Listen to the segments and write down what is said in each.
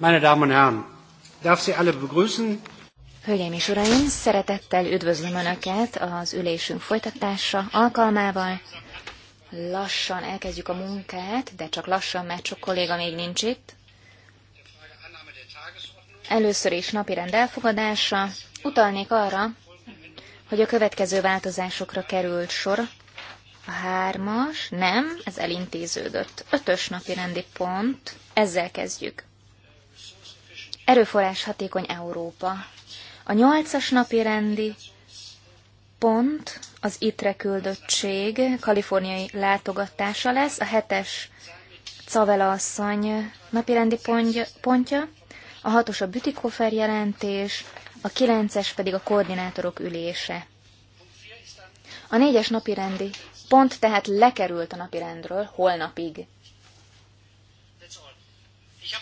Meine Damen und Herren, darf Sie alle begrüßen. Hölgyeim és Uraim, szeretettel üdvözlöm Önöket az ülésünk folytatása alkalmával. Lassan elkezdjük a munkát, de csak lassan, mert sok kolléga még nincs itt. Először is rend elfogadása. Utalnék arra, hogy a következő változásokra került sor. A hármas, nem, ez elintéződött. Ötös napi rendi pont, ezzel kezdjük. Erőforrás hatékony Európa. A nyolcas napi rendi pont az ITRE küldöttség kaliforniai látogatása lesz, a hetes Cavela asszony napirendi pontja, a hatos a Bütikofer jelentés, a kilences pedig a koordinátorok ülése. A négyes napirendi pont tehát lekerült a napirendről holnapig.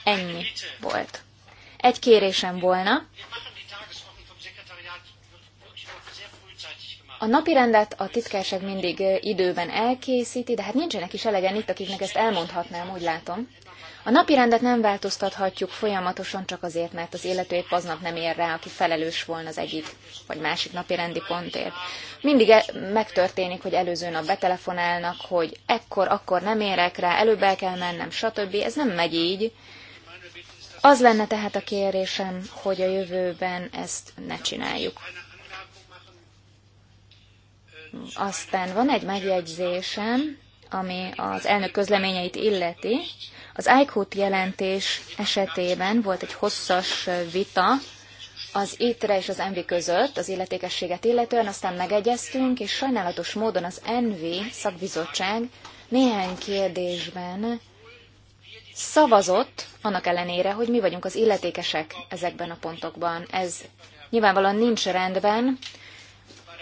Ennyi volt. Egy kérésem volna. A napi rendet a titkárság mindig időben elkészíti, de hát nincsenek is elegen itt, akiknek ezt elmondhatnám, úgy látom. A napi rendet nem változtathatjuk folyamatosan csak azért, mert az élető épp aznap nem ér rá, aki felelős volna az egyik vagy másik napi rendi pontért. Mindig e- megtörténik, hogy előző nap betelefonálnak, hogy ekkor, akkor nem érek rá, előbb el kell mennem, stb. Ez nem megy így. Az lenne tehát a kérésem, hogy a jövőben ezt ne csináljuk. Aztán van egy megjegyzésem, ami az elnök közleményeit illeti. Az IQT jelentés esetében volt egy hosszas vita az ITRE és az ENVI között az illetékességet illetően, aztán megegyeztünk, és sajnálatos módon az ENVI szakbizottság néhány kérdésben szavazott, annak ellenére, hogy mi vagyunk az illetékesek ezekben a pontokban. Ez nyilvánvalóan nincs rendben.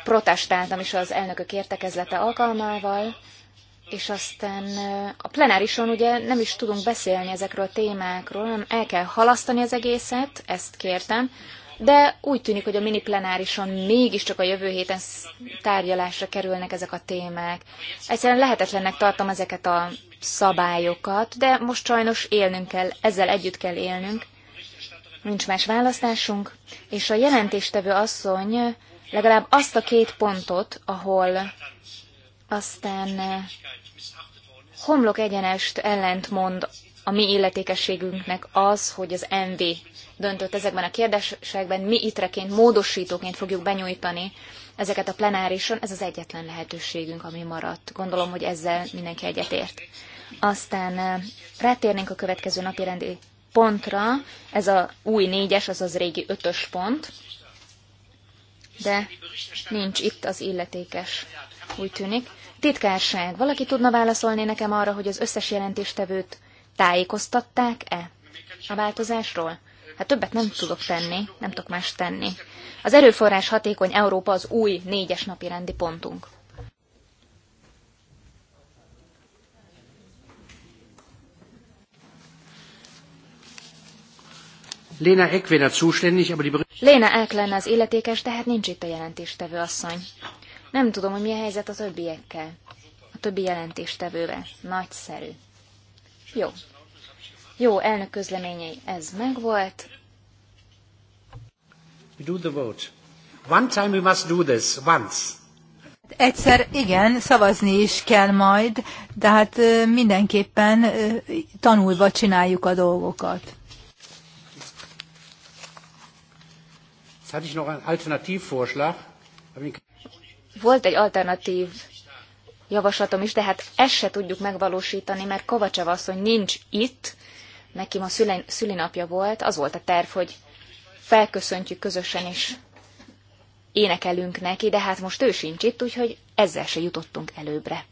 Protestáltam is az elnökök értekezlete alkalmával, és aztán a plenárison ugye nem is tudunk beszélni ezekről a témákról, hanem el kell halasztani az egészet, ezt kértem, de úgy tűnik, hogy a mini plenárison mégiscsak a jövő héten tárgyalásra kerülnek ezek a témák. Egyszerűen lehetetlennek tartom ezeket a szabályokat, de most sajnos élnünk kell, ezzel együtt kell élnünk. Nincs más választásunk, és a jelentéstevő asszony legalább azt a két pontot, ahol aztán eh, homlok egyenest ellentmond a mi illetékességünknek az, hogy az MV döntött ezekben a kérdésekben, mi itreként, módosítóként fogjuk benyújtani ezeket a plenárison, ez az egyetlen lehetőségünk, ami maradt. Gondolom, hogy ezzel mindenki egyetért. Aztán eh, rátérnénk a következő napi rendi pontra, ez a új négyes, azaz régi ötös pont, de nincs itt az illetékes, úgy tűnik. Titkárság, valaki tudna válaszolni nekem arra, hogy az összes jelentéstevőt tájékoztatták-e a változásról? Hát többet nem tudok tenni, nem tudok más tenni. Az erőforrás hatékony Európa az új négyes napi rendi pontunk. Léna Eck wäre zuständig, aber die... Eck lenne az illetékes, tehát nincs itt a jelentéstevő asszony. Nem tudom, hogy mi a helyzet a többiekkel. A többi jelentéstevővel. Nagyszerű. Jó. Jó, elnök közleményei, ez megvolt. We do the vote. One time we must do this, once. Egyszer igen, szavazni is kell majd, de hát mindenképpen tanulva csináljuk a dolgokat. hatte ich noch einen Alternativvorschlag. Volt egy alternatív javaslatom is, de hát ezt se tudjuk megvalósítani, mert Kovacseva asszony nincs itt, neki ma szülen, szülinapja volt, az volt a terv, hogy felköszöntjük közösen és énekelünk neki, de hát most ő sincs itt, úgyhogy ezzel se jutottunk előbbre.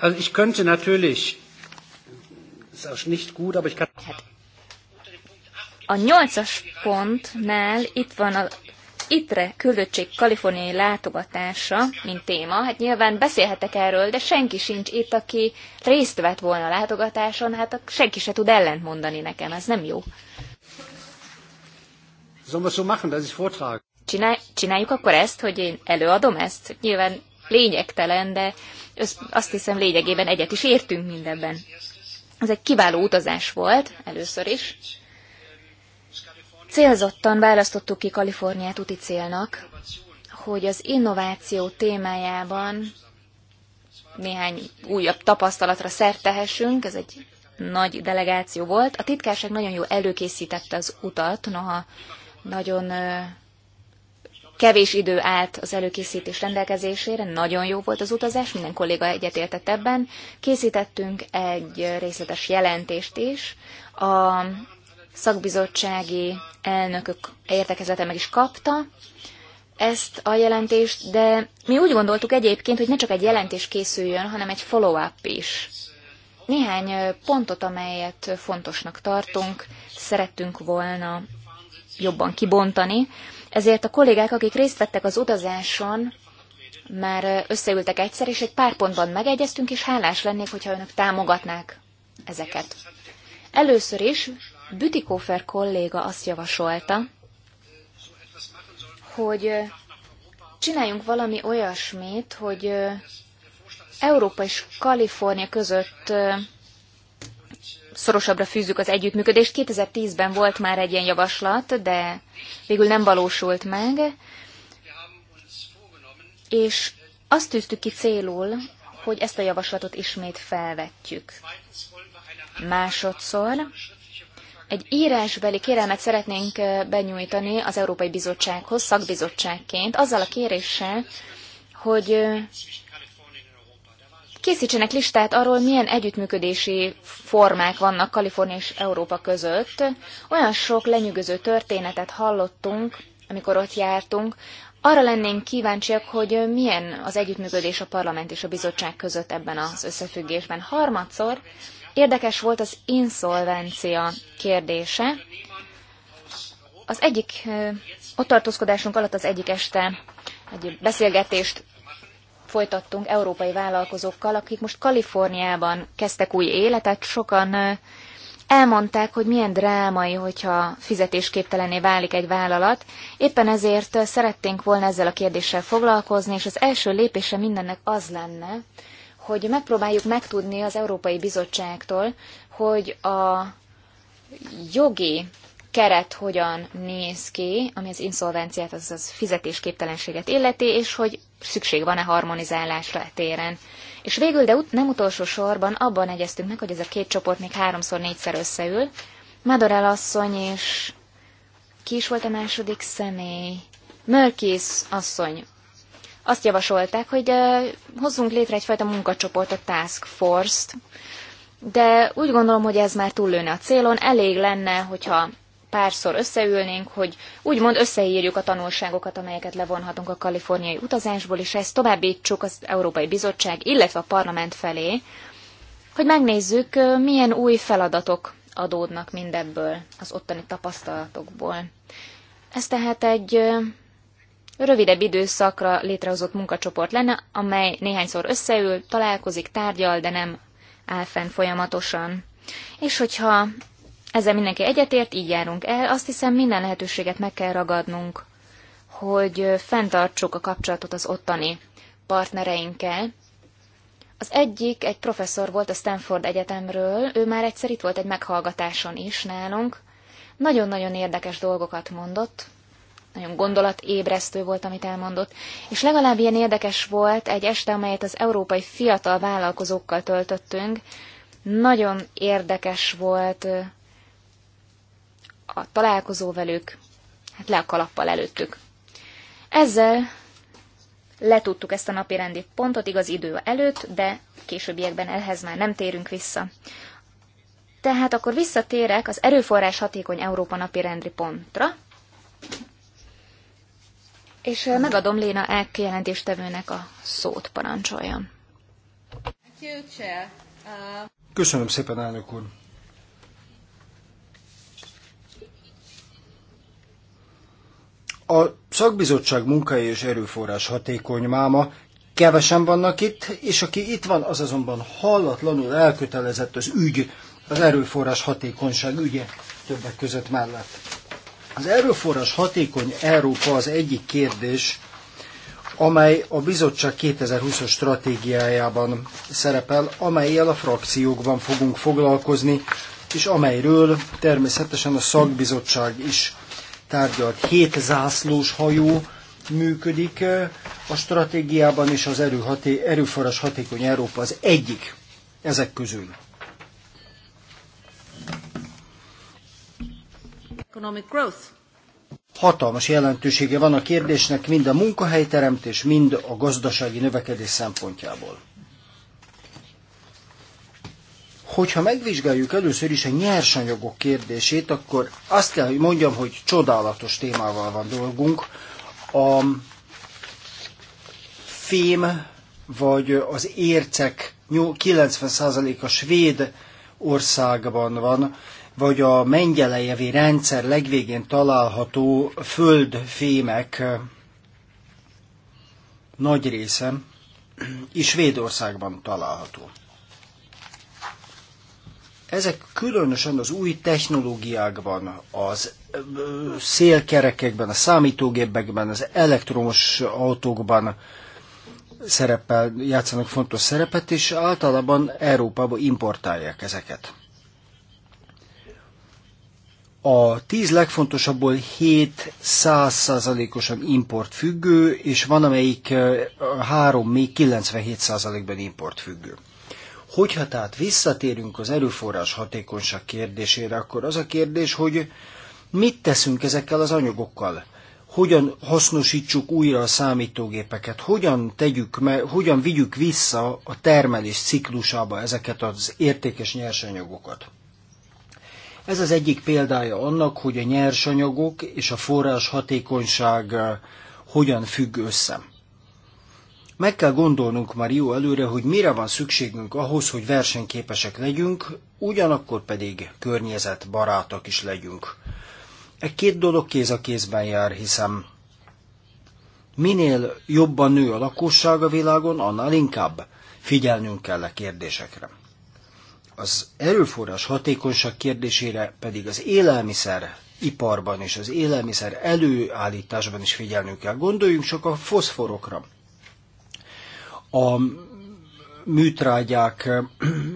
Also ich könnte natürlich, ist auch nicht gut, aber ich kann... Hát a nyolcas pontnál itt van a ITRE küldöttség kaliforniai látogatása, mint téma. Hát nyilván beszélhetek erről, de senki sincs itt, aki részt vett volna a látogatáson, hát senki se tud ellent mondani nekem, ez nem jó. Csinálj, csináljuk akkor ezt, hogy én előadom ezt? Nyilván lényegtelen, de azt hiszem lényegében egyet is értünk mindebben. Ez egy kiváló utazás volt, először is. Célzottan választottuk ki Kaliforniát úti célnak, hogy az innováció témájában néhány újabb tapasztalatra szert tehessünk, ez egy nagy delegáció volt. A titkárság nagyon jól előkészítette az utat, noha nagyon kevés idő állt az előkészítés rendelkezésére, nagyon jó volt az utazás, minden kolléga egyetértett ebben. Készítettünk egy részletes jelentést is a szakbizottsági elnökök értekezete meg is kapta ezt a jelentést, de mi úgy gondoltuk egyébként, hogy ne csak egy jelentés készüljön, hanem egy follow-up is. Néhány pontot, amelyet fontosnak tartunk, szerettünk volna jobban kibontani, ezért a kollégák, akik részt vettek az utazáson, már összeültek egyszer, és egy pár pontban megegyeztünk, és hálás lennék, hogyha önök támogatnák ezeket. Először is Bütikófer kolléga azt javasolta, hogy csináljunk valami olyasmit, hogy Európa és Kalifornia között szorosabbra fűzzük az együttműködést. 2010-ben volt már egy ilyen javaslat, de végül nem valósult meg. És azt tűztük ki célul, hogy ezt a javaslatot ismét felvetjük. Másodszor egy írásbeli kérelmet szeretnénk benyújtani az Európai Bizottsághoz szakbizottságként, azzal a kéréssel, hogy készítsenek listát arról, milyen együttműködési formák vannak Kalifornia és Európa között. Olyan sok lenyűgöző történetet hallottunk, amikor ott jártunk, arra lennénk kíváncsiak, hogy milyen az együttműködés a parlament és a bizottság között ebben az összefüggésben. Harmadszor Érdekes volt az inszolvencia kérdése. Az egyik, ott tartózkodásunk alatt az egyik este egy beszélgetést folytattunk európai vállalkozókkal, akik most Kaliforniában kezdtek új életet, sokan elmondták, hogy milyen drámai, hogyha fizetésképtelené válik egy vállalat. Éppen ezért szerettünk volna ezzel a kérdéssel foglalkozni, és az első lépése mindennek az lenne, hogy megpróbáljuk megtudni az Európai Bizottságtól, hogy a jogi keret hogyan néz ki, ami az inszolvenciát, azaz fizetésképtelenséget illeti, és hogy szükség van-e harmonizálásra e téren. És végül, de ut- nem utolsó sorban abban egyeztünk meg, hogy ez a két csoport még háromszor, négyszer összeül. Madorell asszony és ki is volt a második személy? Mörkis asszony azt javasolták, hogy hozzunk létre egyfajta munkacsoportot, task force-t, de úgy gondolom, hogy ez már túllőne a célon, elég lenne, hogyha párszor összeülnénk, hogy úgymond összeírjuk a tanulságokat, amelyeket levonhatunk a kaliforniai utazásból, és ezt továbbítsuk az Európai Bizottság, illetve a parlament felé, hogy megnézzük, milyen új feladatok adódnak mindebből, az ottani tapasztalatokból. Ez tehát egy rövidebb időszakra létrehozott munkacsoport lenne, amely néhányszor összeül, találkozik, tárgyal, de nem áll fenn folyamatosan. És hogyha ezzel mindenki egyetért, így járunk el, azt hiszem minden lehetőséget meg kell ragadnunk, hogy fenntartsuk a kapcsolatot az ottani partnereinkkel. Az egyik egy professzor volt a Stanford Egyetemről, ő már egyszer itt volt egy meghallgatáson is nálunk. Nagyon-nagyon érdekes dolgokat mondott, nagyon gondolatébresztő volt, amit elmondott. És legalább ilyen érdekes volt egy este, amelyet az európai fiatal vállalkozókkal töltöttünk. Nagyon érdekes volt a találkozó velük, hát le a kalappal előttük. Ezzel letudtuk ezt a napi rendi pontot, igaz idő előtt, de későbbiekben ehhez már nem térünk vissza. Tehát akkor visszatérek az erőforrás hatékony Európa napi rendi pontra, és megadom Léna Ek jelentéstevőnek a szót, parancsoljon. Uh, Köszönöm szépen, elnök úr. A szakbizottság munkai és erőforrás hatékony máma, kevesen vannak itt, és aki itt van, az azonban hallatlanul elkötelezett az ügy, az erőforrás hatékonyság ügye többek között mellett. Az erőforrás hatékony Európa az egyik kérdés, amely a bizottság 2020-as stratégiájában szerepel, amelyel a frakciókban fogunk foglalkozni, és amelyről természetesen a szakbizottság is tárgyalt. Hét zászlós hajó működik eh, a stratégiában, és az erőhaté, erőforrás hatékony Európa az egyik ezek közül. economic growth. Hatalmas jelentősége van a kérdésnek mind a munkahelyteremtés, mind a gazdasági növekedés szempontjából. Hogyha megvizsgáljuk először is a nyersanyagok kérdését, akkor azt kell, hogy mondjam, hogy csodálatos témával van dolgunk. A fém vagy az ércek 90%-a svéd országban van, vagy a mengyelejevi rendszer legvégén található földfémek nagy része is Svédországban található. Ezek különösen az új technológiákban, az szélkerekekben, a számítógépekben, az elektromos autókban szerepel, játszanak fontos szerepet, és általában Európába importálják ezeket. A tíz legfontosabbból 7 százszázalékosan import függő, és van amelyik három még 97 százalékban import függő. Hogyha tehát visszatérünk az erőforrás hatékonyság kérdésére, akkor az a kérdés, hogy mit teszünk ezekkel az anyagokkal? Hogyan hasznosítsuk újra a számítógépeket? Hogyan tegyük, meg, hogyan vigyük vissza a termelés ciklusába ezeket az értékes nyersanyagokat? Ez az egyik példája annak, hogy a nyersanyagok és a forrás hatékonyság hogyan függ össze. Meg kell gondolnunk már jó előre, hogy mire van szükségünk ahhoz, hogy versenyképesek legyünk, ugyanakkor pedig környezetbarátak is legyünk. E két dolog kéz a kézben jár, hiszem minél jobban nő a lakosság a világon, annál inkább figyelnünk kell a kérdésekre. Az erőforrás hatékonyság kérdésére pedig az élelmiszer iparban és az élelmiszer előállításban is figyelnünk kell. Gondoljunk csak a foszforokra. A műtrágyák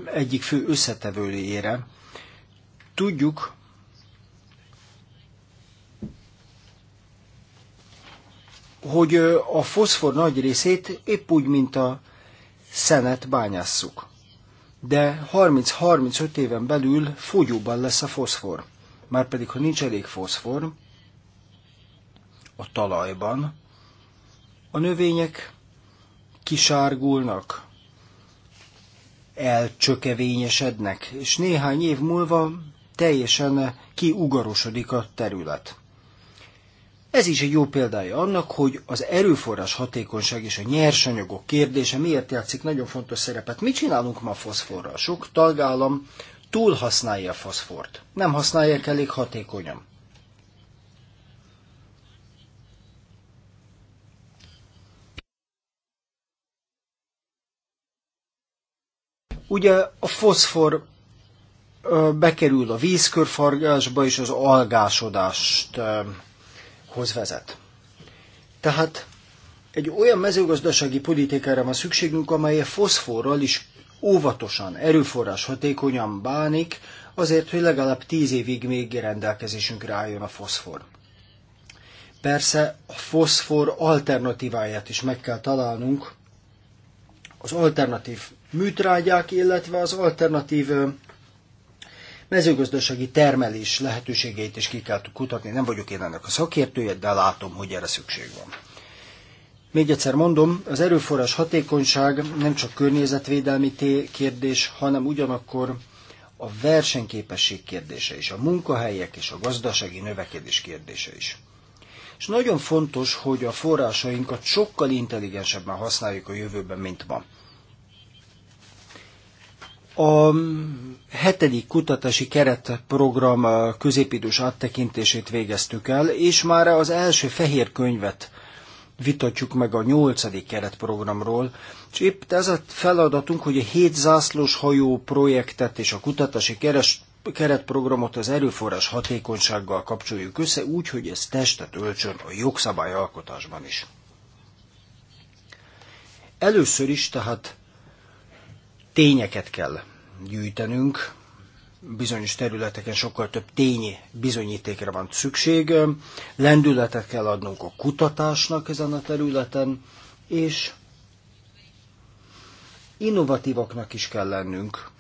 egyik fő összetevőjére. Tudjuk, hogy a foszfor nagy részét épp úgy, mint a szenet bányásszuk de 30-35 éven belül fogyóban lesz a foszfor. Márpedig, ha nincs elég foszfor a talajban, a növények kisárgulnak, elcsökevényesednek, és néhány év múlva teljesen kiugarosodik a terület. Ez is egy jó példája annak, hogy az erőforrás hatékonyság és a nyersanyagok kérdése miért játszik nagyon fontos szerepet. Mi csinálunk ma foszforral? Sok tagállam használja a foszfort. Nem használják elég hatékonyan. Ugye a foszfor bekerül a vízkörfargásba és az algásodást válsághoz vezet. Tehát egy olyan mezőgazdasági politikára van szükségünk, amely a foszforral is óvatosan, erőforrás hatékonyan bánik, azért, hogy legalább tíz évig még rendelkezésünkre álljon a foszfor. Persze a foszfor alternatíváját is meg kell találnunk, az alternatív műtrágyák, illetve az alternatív mezőgazdasági termelés lehetőségeit is ki kell kutatni. Nem vagyok én ennek a szakértője, de látom, hogy erre szükség van. Még egyszer mondom, az erőforrás hatékonyság nem csak környezetvédelmi kérdés, hanem ugyanakkor a versenyképesség kérdése is, a munkahelyek és a gazdasági növekedés kérdése is. És nagyon fontos, hogy a forrásainkat sokkal intelligensebben használjuk a jövőben, mint ma. A hetedik kutatási keretprogram középidős áttekintését végeztük el, és már az első fehér könyvet vitatjuk meg a nyolcadik keretprogramról, és épp ez a feladatunk, hogy a hét zászlós hajó projektet és a kutatási keres, keretprogramot az erőforrás hatékonysággal kapcsoljuk össze, úgy, hogy ez testet öltsön a jogszabályalkotásban is. Először is tehát tényeket kell gyűjtenünk, bizonyos területeken sokkal több tényi bizonyítékra van szükség, lendületet kell adnunk a kutatásnak ezen a területen, és innovatívaknak is kell lennünk.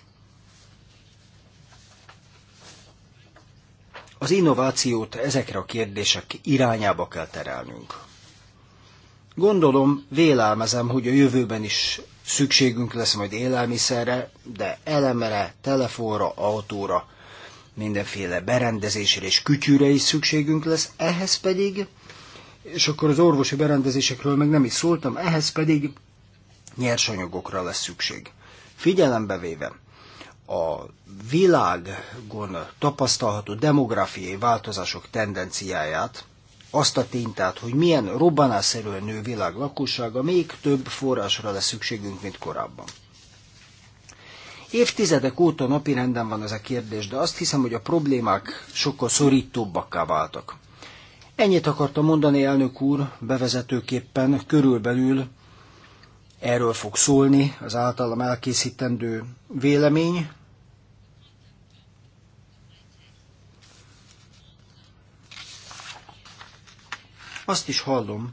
Az innovációt ezekre a kérdések irányába kell terelnünk. Gondolom, vélelmezem, hogy a jövőben is szükségünk lesz majd élelmiszerre, de elemre, telefonra, autóra, mindenféle berendezésre és kütyűre is szükségünk lesz, ehhez pedig, és akkor az orvosi berendezésekről meg nem is szóltam, ehhez pedig nyersanyagokra lesz szükség. Figyelembe véve a világon tapasztalható demográfiai változások tendenciáját, azt a tintát, hogy milyen robbanásszerűen nő világ lakossága, még több forrásra lesz szükségünk, mint korábban. Évtizedek óta renden van ez a kérdés, de azt hiszem, hogy a problémák sokkal szorítóbbakká váltak. Ennyit akartam mondani, elnök úr, bevezetőképpen körülbelül erről fog szólni az általam elkészítendő vélemény, Azt is hallom,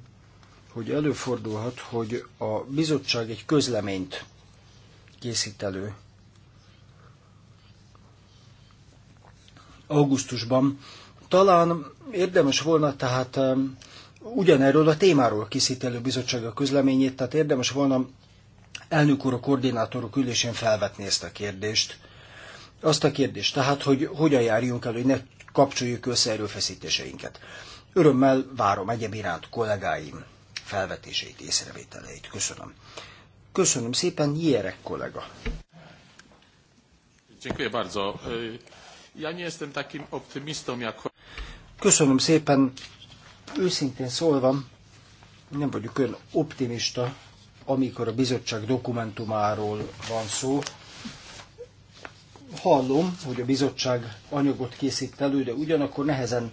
hogy előfordulhat, hogy a bizottság egy közleményt készít elő. Augusztusban talán érdemes volna tehát ugyanerről a témáról készít elő bizottság a közleményét, tehát érdemes volna elnök úr a koordinátorok ülésén felvetni ezt a kérdést. Azt a kérdést, tehát, hogy hogyan járjunk el, hogy ne kapcsoljuk össze erőfeszítéseinket. Örömmel várom egyéb iránt kollégáim felvetéseit, észrevételeit. Köszönöm. Köszönöm szépen, Jérek kollega. Dziękuję bardzo. Ja nie jestem takim optymistą jak... Köszönöm szépen. Őszintén szólva, nem vagyok olyan optimista, amikor a bizottság dokumentumáról van szó. Hallom, hogy a bizottság anyagot készít elő, de ugyanakkor nehezen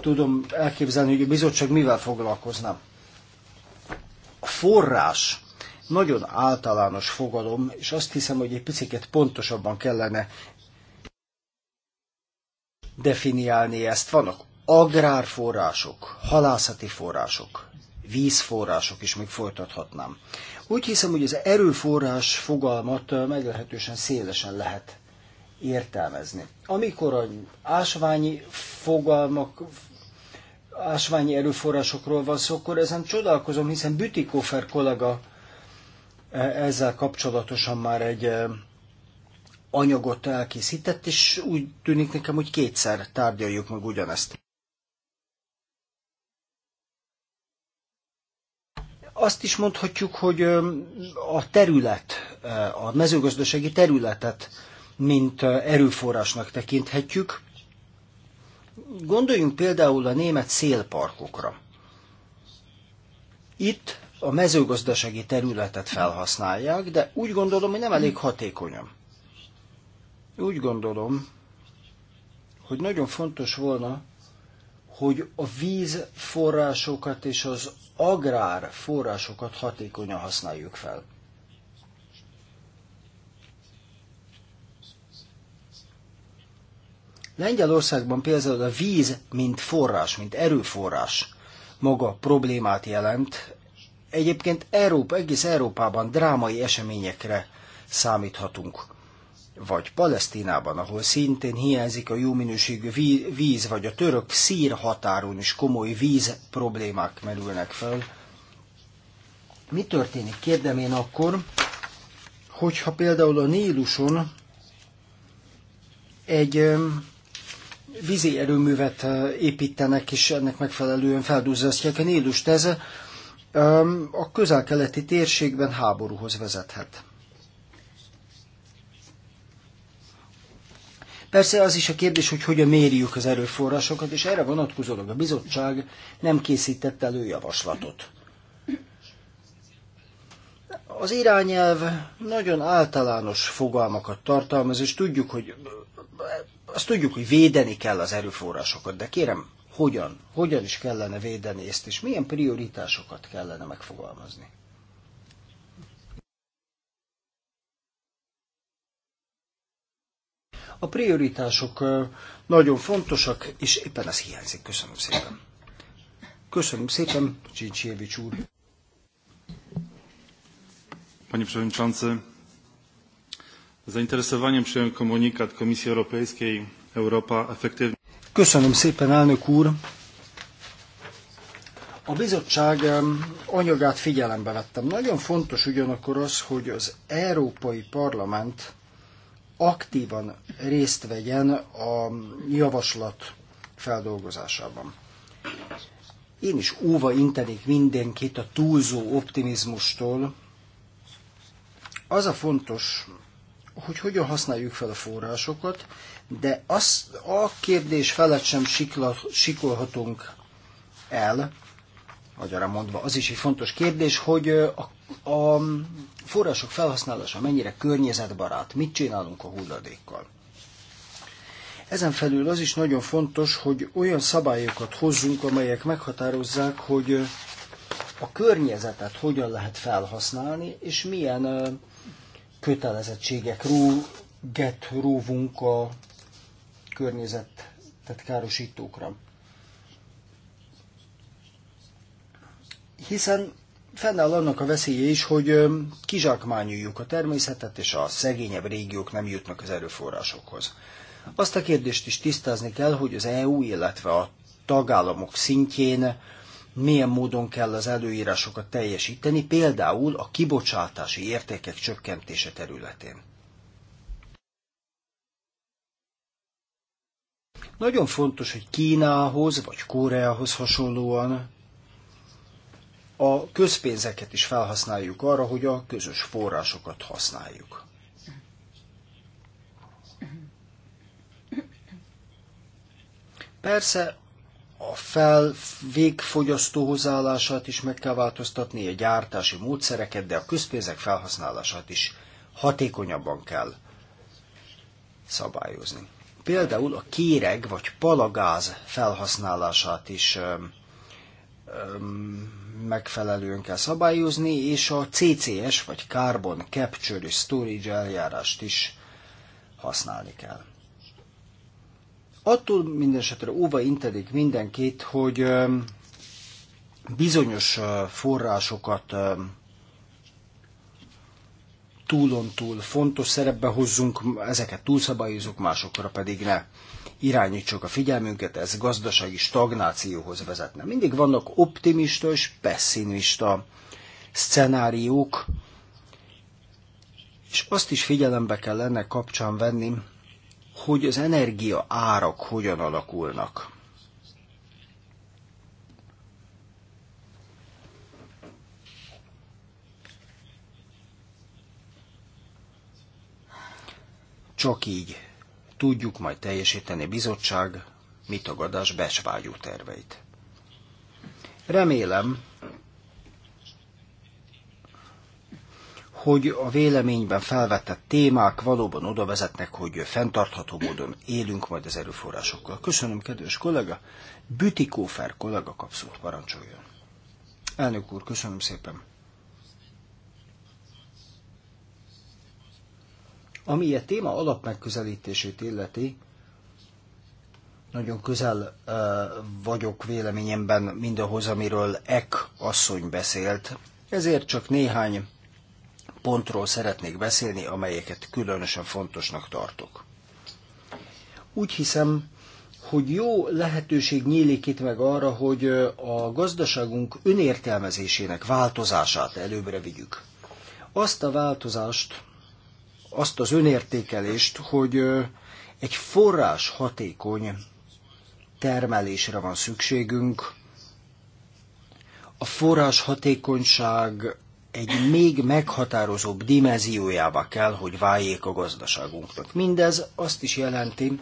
tudom elképzelni, hogy a bizottság mivel foglalkozna. A forrás nagyon általános fogalom, és azt hiszem, hogy egy picit pontosabban kellene definiálni ezt. Vannak agrárforrások, halászati források, vízforrások is még folytathatnám. Úgy hiszem, hogy az erőforrás fogalmat meglehetősen szélesen lehet értelmezni. Amikor a ásványi fogalmak, ásványi erőforrásokról van szó, akkor ezen csodálkozom, hiszen Bütikofer kollega e, ezzel kapcsolatosan már egy e, anyagot elkészített, és úgy tűnik nekem, hogy kétszer tárgyaljuk meg ugyanezt. Azt is mondhatjuk, hogy a terület, e, a mezőgazdasági területet mint erőforrásnak tekinthetjük. Gondoljunk például a német szélparkokra. Itt a mezőgazdasági területet felhasználják, de úgy gondolom, hogy nem elég hatékonyan. Úgy gondolom, hogy nagyon fontos volna, hogy a vízforrásokat és az agrárforrásokat hatékonyan használjuk fel. Lengyelországban például a víz, mint forrás, mint erőforrás maga problémát jelent. Egyébként Európa, egész Európában drámai eseményekre számíthatunk. Vagy Palesztinában, ahol szintén hiányzik a jó minőségű víz, vagy a török szír határon is komoly víz problémák merülnek fel. Mi történik, kérdem én akkor, hogyha például a Níluson egy vízi erőművet építenek, és ennek megfelelően feldúzzasztják a Nílust. Ez a közel-keleti térségben háborúhoz vezethet. Persze az is a kérdés, hogy hogyan mérjük az erőforrásokat, és erre vonatkozólag a bizottság nem készített elő javaslatot. Az irányelv nagyon általános fogalmakat tartalmaz, és tudjuk, hogy azt tudjuk, hogy védeni kell az erőforrásokat, de kérem, hogyan? Hogyan is kellene védeni ezt, és milyen prioritásokat kellene megfogalmazni? A prioritások nagyon fontosak, és éppen ez hiányzik. Köszönöm szépen. Köszönöm szépen, Csincsévics úr. Panie Przewodniczący, zainteresowaniem przyjąłem komunikat Komisji Europejskiej Europa efektywnie. Köszönöm szépen, elnök úr! A bizottság anyagát figyelembe vettem. Nagyon fontos ugyanakkor az, hogy az Európai Parlament aktívan részt vegyen a javaslat feldolgozásában. Én is óva intenék mindenkit a túlzó optimizmustól. Az a fontos, hogy hogyan használjuk fel a forrásokat, de az a kérdés felett sem sikla, sikolhatunk el, arra mondva, az is egy fontos kérdés, hogy a, a források felhasználása mennyire környezetbarát, mit csinálunk a hulladékkal. Ezen felül az is nagyon fontos, hogy olyan szabályokat hozzunk, amelyek meghatározzák, hogy a környezetet hogyan lehet felhasználni, és milyen kötelezettségek róget róvunk a környezetet károsítókra. Hiszen fennáll annak a veszélye is, hogy kizsákmányoljuk a természetet, és a szegényebb régiók nem jutnak az erőforrásokhoz. Azt a kérdést is tisztázni kell, hogy az EU, illetve a tagállamok szintjén milyen módon kell az előírásokat teljesíteni, például a kibocsátási értékek csökkentése területén. Nagyon fontos, hogy Kínához vagy Koreához hasonlóan a közpénzeket is felhasználjuk arra, hogy a közös forrásokat használjuk. Persze a fel végfogyasztó hozzáállását is meg kell változtatni, a gyártási módszereket, de a közpénzek felhasználását is hatékonyabban kell szabályozni. Például a kéreg vagy palagáz felhasználását is öm, öm, megfelelően kell szabályozni, és a CCS vagy Carbon Capture Storage eljárást is használni kell. Attól mindesetre óva intedik mindenkit, hogy bizonyos forrásokat túlon túl fontos szerepbe hozzunk, ezeket túlszabályozunk, másokra pedig ne irányítsuk a figyelmünket, ez gazdasági stagnációhoz vezetne. Mindig vannak optimista és pessimista szcenáriók, és azt is figyelembe kell ennek kapcsán venni, hogy az energia árak hogyan alakulnak. Csak így tudjuk majd teljesíteni bizottság mit tagadás besvágyú terveit. Remélem, hogy a véleményben felvetett témák valóban oda vezetnek, hogy fenntartható módon élünk majd az erőforrásokkal. Köszönöm, kedves kollega. Bütikófer kollega kapszót parancsoljon. Elnök úr, köszönöm szépen. Ami a e téma alapmegközelítését illeti, nagyon közel uh, vagyok véleményemben mindahhoz, amiről Ek asszony beszélt. Ezért csak néhány pontról szeretnék beszélni, amelyeket különösen fontosnak tartok. Úgy hiszem, hogy jó lehetőség nyílik itt meg arra, hogy a gazdaságunk önértelmezésének változását előbbre vigyük. Azt a változást, azt az önértékelést, hogy egy forrás hatékony termelésre van szükségünk, a forrás hatékonyság egy még meghatározóbb dimenziójába kell, hogy váljék a gazdaságunknak. Mindez azt is jelenti,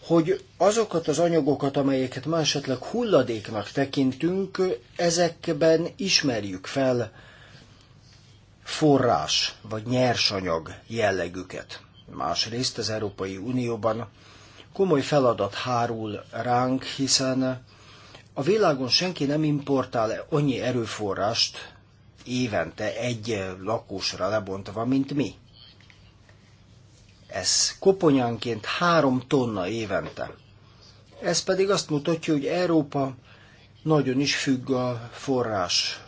hogy azokat az anyagokat, amelyeket már esetleg hulladéknak tekintünk, ezekben ismerjük fel forrás vagy nyersanyag jellegüket. Másrészt az Európai Unióban komoly feladat hárul ránk, hiszen a világon senki nem importál annyi erőforrást, évente egy lakósra lebontva, mint mi. Ez koponyanként három tonna évente. Ez pedig azt mutatja, hogy Európa nagyon is függ a forrás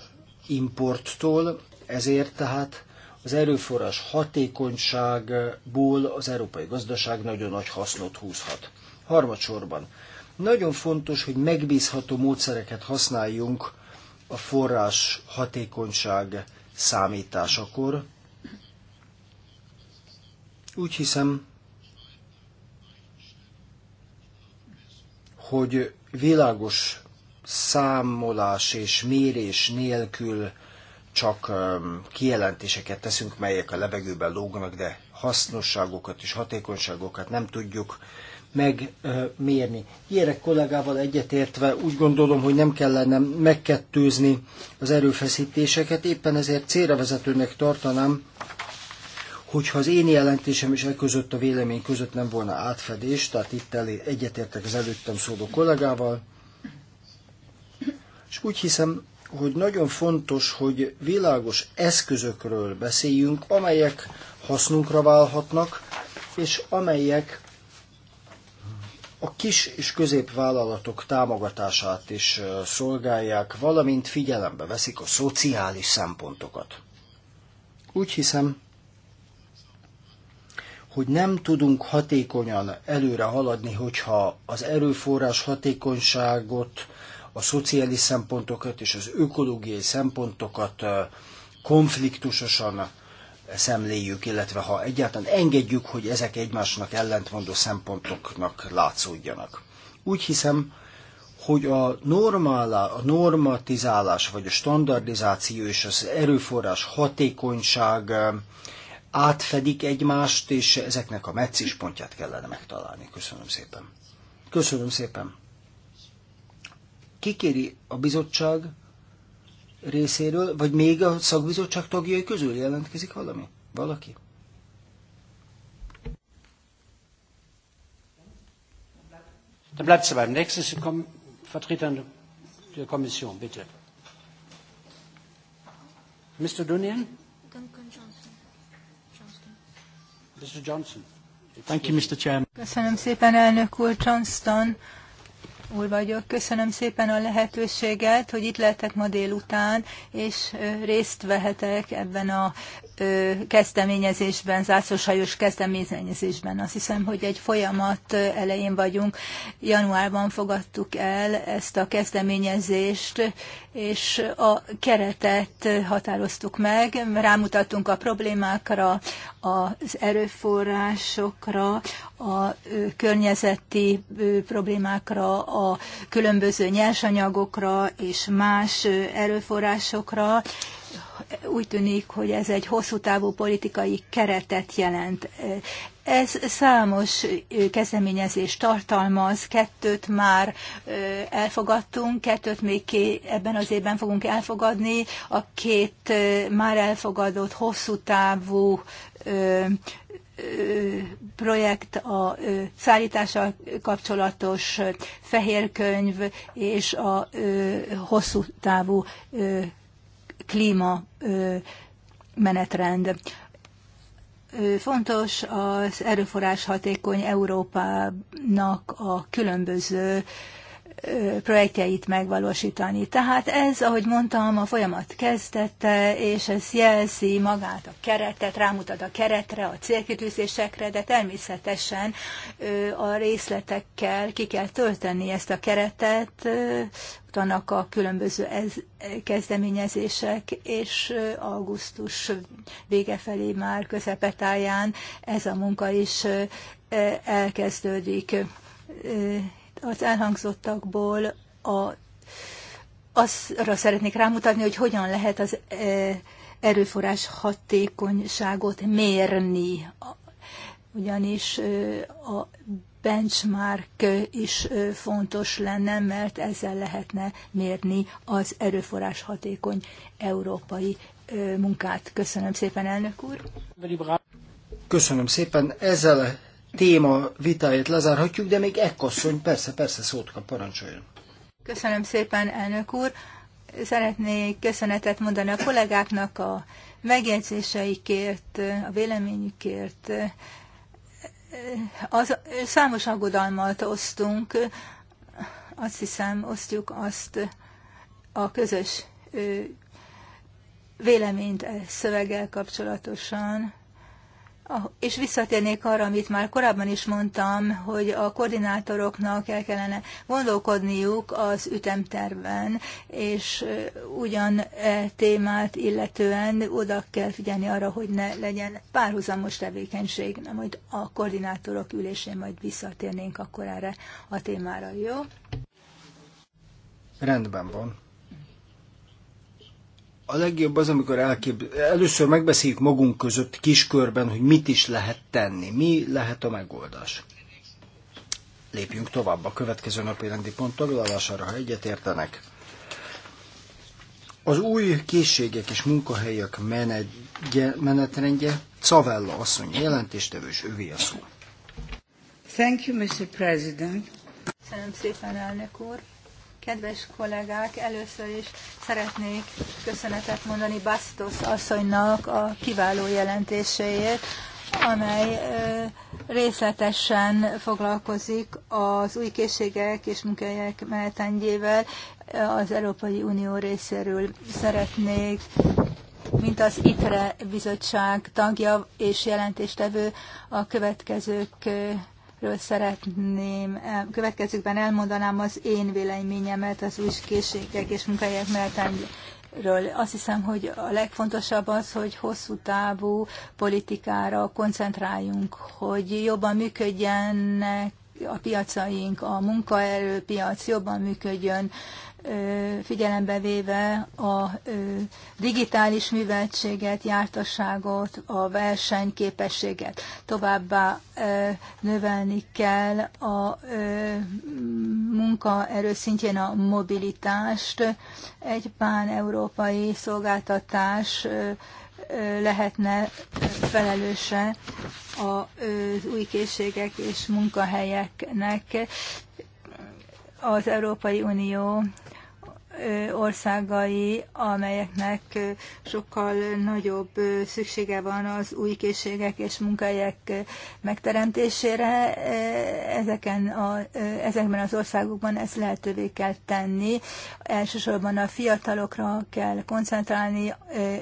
importtól, ezért tehát az erőforrás hatékonyságból az európai gazdaság nagyon nagy hasznot húzhat. Harmadsorban, nagyon fontos, hogy megbízható módszereket használjunk a forrás hatékonyság számításakor. Úgy hiszem, hogy világos számolás és mérés nélkül csak kijelentéseket teszünk, melyek a levegőben lógnak, de hasznosságokat és hatékonyságokat nem tudjuk megmérni. Gyerek kollégával egyetértve úgy gondolom, hogy nem kellene megkettőzni az erőfeszítéseket, éppen ezért célra vezetőnek tartanám, hogyha az én jelentésem és e között a vélemény között nem volna átfedés, tehát itt elé egyetértek az előttem szóló kollégával, és úgy hiszem, hogy nagyon fontos, hogy világos eszközökről beszéljünk, amelyek hasznunkra válhatnak, és amelyek a kis és középvállalatok támogatását is szolgálják, valamint figyelembe veszik a szociális szempontokat. Úgy hiszem, hogy nem tudunk hatékonyan előre haladni, hogyha az erőforrás hatékonyságot, a szociális szempontokat és az ökológiai szempontokat konfliktusosan szemléljük, illetve ha egyáltalán engedjük, hogy ezek egymásnak ellentmondó szempontoknak látszódjanak. Úgy hiszem, hogy a, normálá, a normatizálás, vagy a standardizáció és az erőforrás hatékonyság eh, átfedik egymást, és ezeknek a meccis pontját kellene megtalálni. Köszönöm szépen. Köszönöm szépen. Kikéri a bizottság részéről, vagy még a szakbizottság tagjai közül jelentkezik valami? Valaki? Dann bleibt es beim nächsten Vertreter der Kommission, bitte. Mr. Dunian? Johnson. Mr. Johnson. Thank you, Mr. Chairman. Köszönöm szépen, elnök úr Johnston úr vagyok. Köszönöm szépen a lehetőséget, hogy itt lehetek ma délután, és részt vehetek ebben a kezdeményezésben, zászlóshajós kezdeményezésben. Azt hiszem, hogy egy folyamat elején vagyunk. Januárban fogadtuk el ezt a kezdeményezést, és a keretet határoztuk meg, rámutattunk a problémákra, az erőforrásokra, a környezeti problémákra, a különböző nyersanyagokra és más erőforrásokra, úgy tűnik, hogy ez egy hosszú távú politikai keretet jelent. Ez számos kezdeményezést tartalmaz, kettőt már elfogadtunk, kettőt még ké, ebben az évben fogunk elfogadni, a két már elfogadott hosszú távú projekt a szállítással kapcsolatos fehérkönyv és a hosszú távú klíma menetrend. Fontos az erőforrás hatékony Európának a különböző projektjeit megvalósítani. Tehát ez, ahogy mondtam, a folyamat kezdette, és ez jelzi magát a keretet, rámutat a keretre, a célkitűzésekre, de természetesen a részletekkel ki kell tölteni ezt a keretet, Utána a különböző ez, kezdeményezések, és augusztus vége felé már közepetáján ez a munka is elkezdődik az elhangzottakból a, azra szeretnék rámutatni, hogy hogyan lehet az e, erőforrás hatékonyságot mérni. Ugyanis e, a benchmark is e, fontos lenne, mert ezzel lehetne mérni az erőforrás hatékony európai munkát. Köszönöm szépen, elnök úr! Köszönöm szépen, ezzel téma vitáját lezárhatjuk, de még ekkasszony persze, persze szót kap, parancsoljon. Köszönöm szépen, elnök úr. Szeretnék köszönetet mondani a kollégáknak a megjegyzéseikért, a véleményükért. Az, számos aggodalmat osztunk, azt hiszem osztjuk azt a közös véleményt e szöveggel kapcsolatosan. Ah, és visszatérnék arra, amit már korábban is mondtam, hogy a koordinátoroknak el kellene gondolkodniuk az ütemterven, és ugyan e témát illetően oda kell figyelni arra, hogy ne legyen párhuzamos tevékenység. Na majd a koordinátorok ülésén majd visszatérnénk akkor erre a témára, jó? Rendben van a legjobb az, amikor elkép... először megbeszéljük magunk között kiskörben, hogy mit is lehet tenni, mi lehet a megoldás. Lépjünk tovább a következő napi rendi pont taglalására, ha egyetértenek. Az új készségek és munkahelyek menedje, menetrendje Cavella asszony jelentéstevő ővé a szó. Thank you, Mr. President. Köszönöm szépen, elnök úr. Kedves kollégák, először is szeretnék köszönetet mondani Bastos asszonynak a kiváló jelentéséért, amely részletesen foglalkozik az új készségek és munkahelyek mehetendjével az Európai Unió részéről. Szeretnék mint az ITRE bizottság tagja és jelentéstevő a következők ről szeretném, következőkben elmondanám az én véleményemet az új készségek és munkahelyek mellettányról. Azt hiszem, hogy a legfontosabb az, hogy hosszú távú politikára koncentráljunk, hogy jobban működjenek a piacaink, a munkaerőpiac jobban működjön, figyelembe véve a digitális műveltséget, jártasságot, a versenyképességet. Továbbá növelni kell a munkaerő szintjén a mobilitást. Egy pán-európai szolgáltatás lehetne felelőse az új készségek és munkahelyeknek az Európai Unió országai, amelyeknek sokkal nagyobb szüksége van az új készségek és munkahelyek megteremtésére. Ezeken a, ezekben az országokban ezt lehetővé kell tenni. Elsősorban a fiatalokra kell koncentrálni,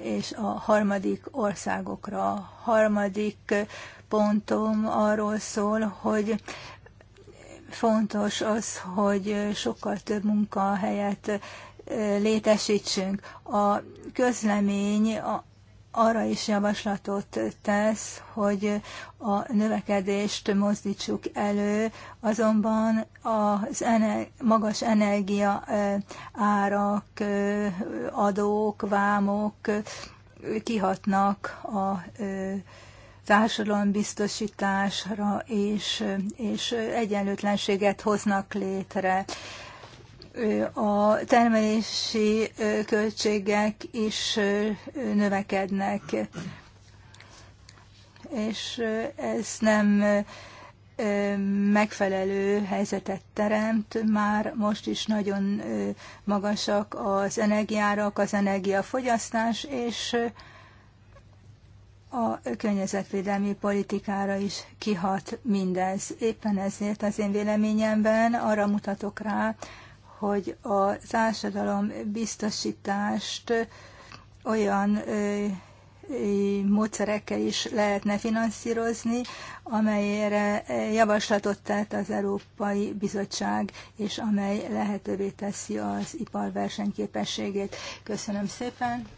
és a harmadik országokra. A harmadik pontom arról szól, hogy fontos az, hogy sokkal több munkahelyet létesítsünk. A közlemény arra is javaslatot tesz, hogy a növekedést mozdítsuk elő, azonban az ener- magas energia árak, adók, vámok kihatnak a társadalombiztosításra és, és egyenlőtlenséget hoznak létre a termelési költségek is növekednek, és ez nem megfelelő helyzetet teremt. Már most is nagyon magasak az energiárak, az energiafogyasztás, és a környezetvédelmi politikára is kihat mindez. Éppen ezért az én véleményemben arra mutatok rá, hogy a társadalom biztosítást olyan módszerekkel is lehetne finanszírozni, amelyre javaslatot tett az Európai Bizottság, és amely lehetővé teszi az ipar versenyképességét. Köszönöm szépen.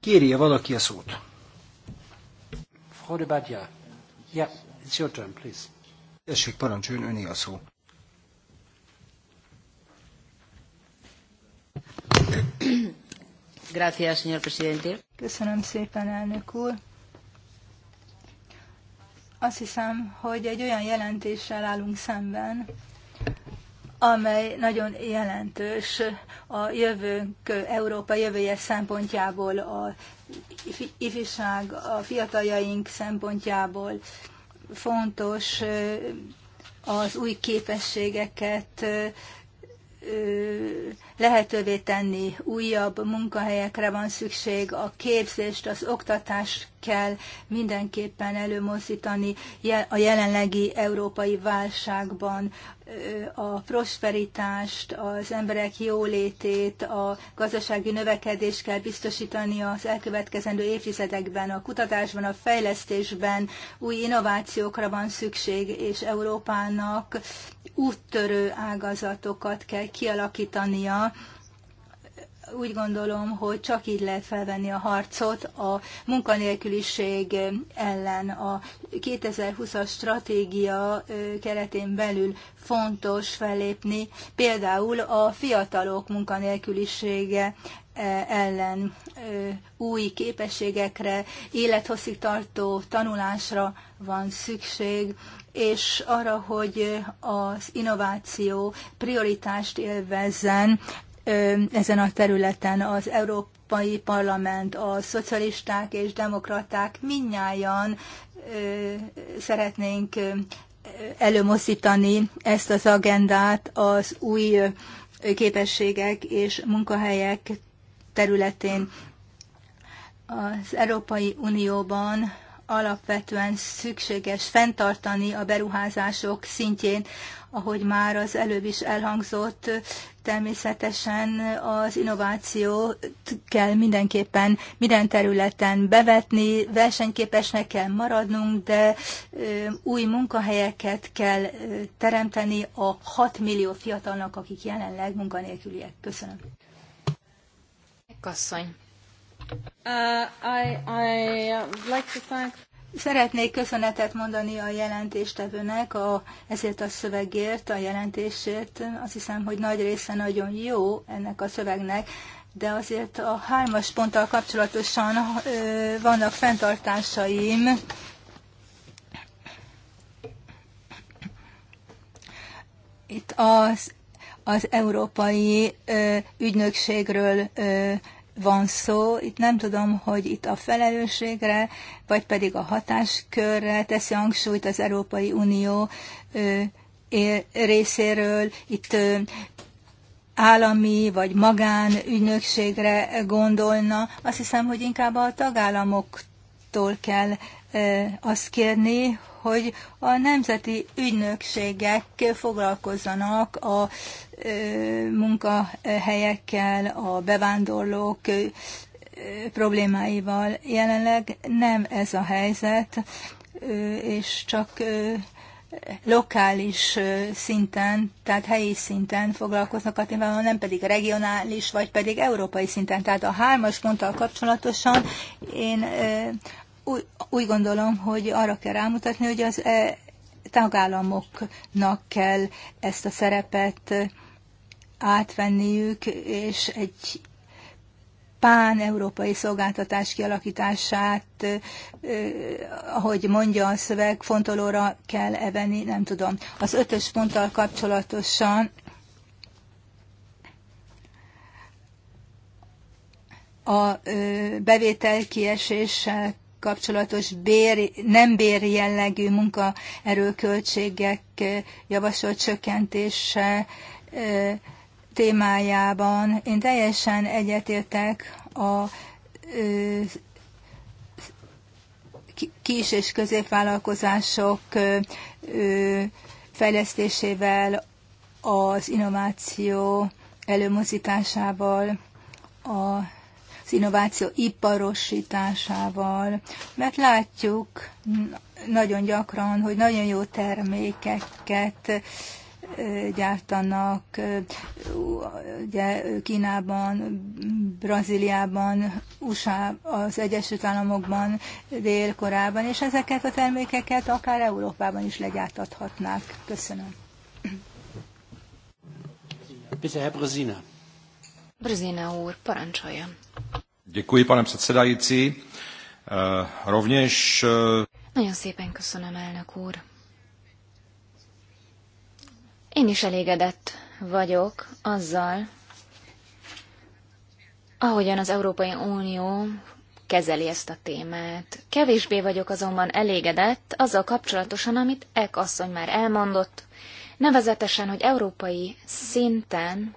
Kérje valaki a szót. Frau de Badia. Yeah, it's your turn, please. Tessék, parancsoljon öné a szó. Gracias, señor presidente. Köszönöm szépen, elnök úr. Azt hiszem, hogy egy olyan jelentéssel állunk szemben, amely nagyon jelentős a jövőnk, Európa jövője szempontjából, a ifjúság, a fiataljaink szempontjából fontos az új képességeket lehetővé tenni, újabb munkahelyekre van szükség, a képzést, az oktatást kell mindenképpen előmozdítani a jelenlegi európai válságban a prosperitást, az emberek jólétét, a gazdasági növekedést kell biztosítani az elkövetkezendő évtizedekben, a kutatásban, a fejlesztésben új innovációkra van szükség, és Európának úttörő ágazatokat kell kialakítania úgy gondolom, hogy csak így lehet felvenni a harcot a munkanélküliség ellen. A 2020-as stratégia keretén belül fontos fellépni, például a fiatalok munkanélkülisége ellen új képességekre, élethosszígtartó tanulásra van szükség, és arra, hogy az innováció prioritást élvezzen ezen a területen az Európai Parlament, a szocialisták és demokraták minnyáján szeretnénk előmozdítani ezt az agendát az új képességek és munkahelyek területén. Az Európai Unióban alapvetően szükséges fenntartani a beruházások szintjén, ahogy már az előbb is elhangzott, természetesen az innovációt kell mindenképpen minden területen bevetni, versenyképesnek kell maradnunk, de új munkahelyeket kell teremteni a 6 millió fiatalnak, akik jelenleg munkanélküliek. Köszönöm. Köszönöm. Uh, uh, Szeretnék köszönetet mondani a jelentéstevőnek a, ezért a szövegért, a jelentésért. Azt hiszem, hogy nagy része nagyon jó ennek a szövegnek, de azért a hármas ponttal kapcsolatosan ö, uh, vannak fenntartásaim. Itt az, az Európai ö, Ügynökségről ö, van szó, itt nem tudom, hogy itt a felelősségre, vagy pedig a hatáskörre teszi hangsúlyt az Európai Unió részéről, itt állami vagy magán ügynökségre gondolna. Azt hiszem, hogy inkább a tagállamoktól kell azt kérni, hogy a nemzeti ügynökségek foglalkozzanak a munkahelyekkel, a bevándorlók problémáival. Jelenleg nem ez a helyzet, és csak lokális szinten, tehát helyi szinten foglalkoznak a témával, nem pedig regionális, vagy pedig európai szinten. Tehát a hármas ponttal kapcsolatosan én úgy, gondolom, hogy arra kell rámutatni, hogy az tagállamoknak kell ezt a szerepet átvenniük, és egy pán-európai szolgáltatás kialakítását, ahogy mondja a szöveg, fontolóra kell evenni, nem tudom. Az ötös ponttal kapcsolatosan a bevétel kieséssel kapcsolatos bér, nem bér jellegű munkaerőköltségek javasolt csökkentése témájában én teljesen egyetértek a ö, kis- és középvállalkozások ö, fejlesztésével, az innováció előmozításával, az innováció iparosításával, mert látjuk nagyon gyakran, hogy nagyon jó termékeket gyártanak, ugye Kínában, Brazíliában, USA, az Egyesült Államokban, Dél-Korában, és ezeket a termékeket akár Európában is legyártathatnák. Köszönöm. Bitte, Herr Brzina úr, parancsolja. Děkuji, pane předsedající. Eh, rovněž... Eh, Nagyon szépen köszönöm, elnök úr. Én is elégedett vagyok azzal, ahogyan az Európai Unió kezeli ezt a témát. Kevésbé vagyok azonban elégedett azzal kapcsolatosan, amit Ek asszony már elmondott, nevezetesen, hogy európai szinten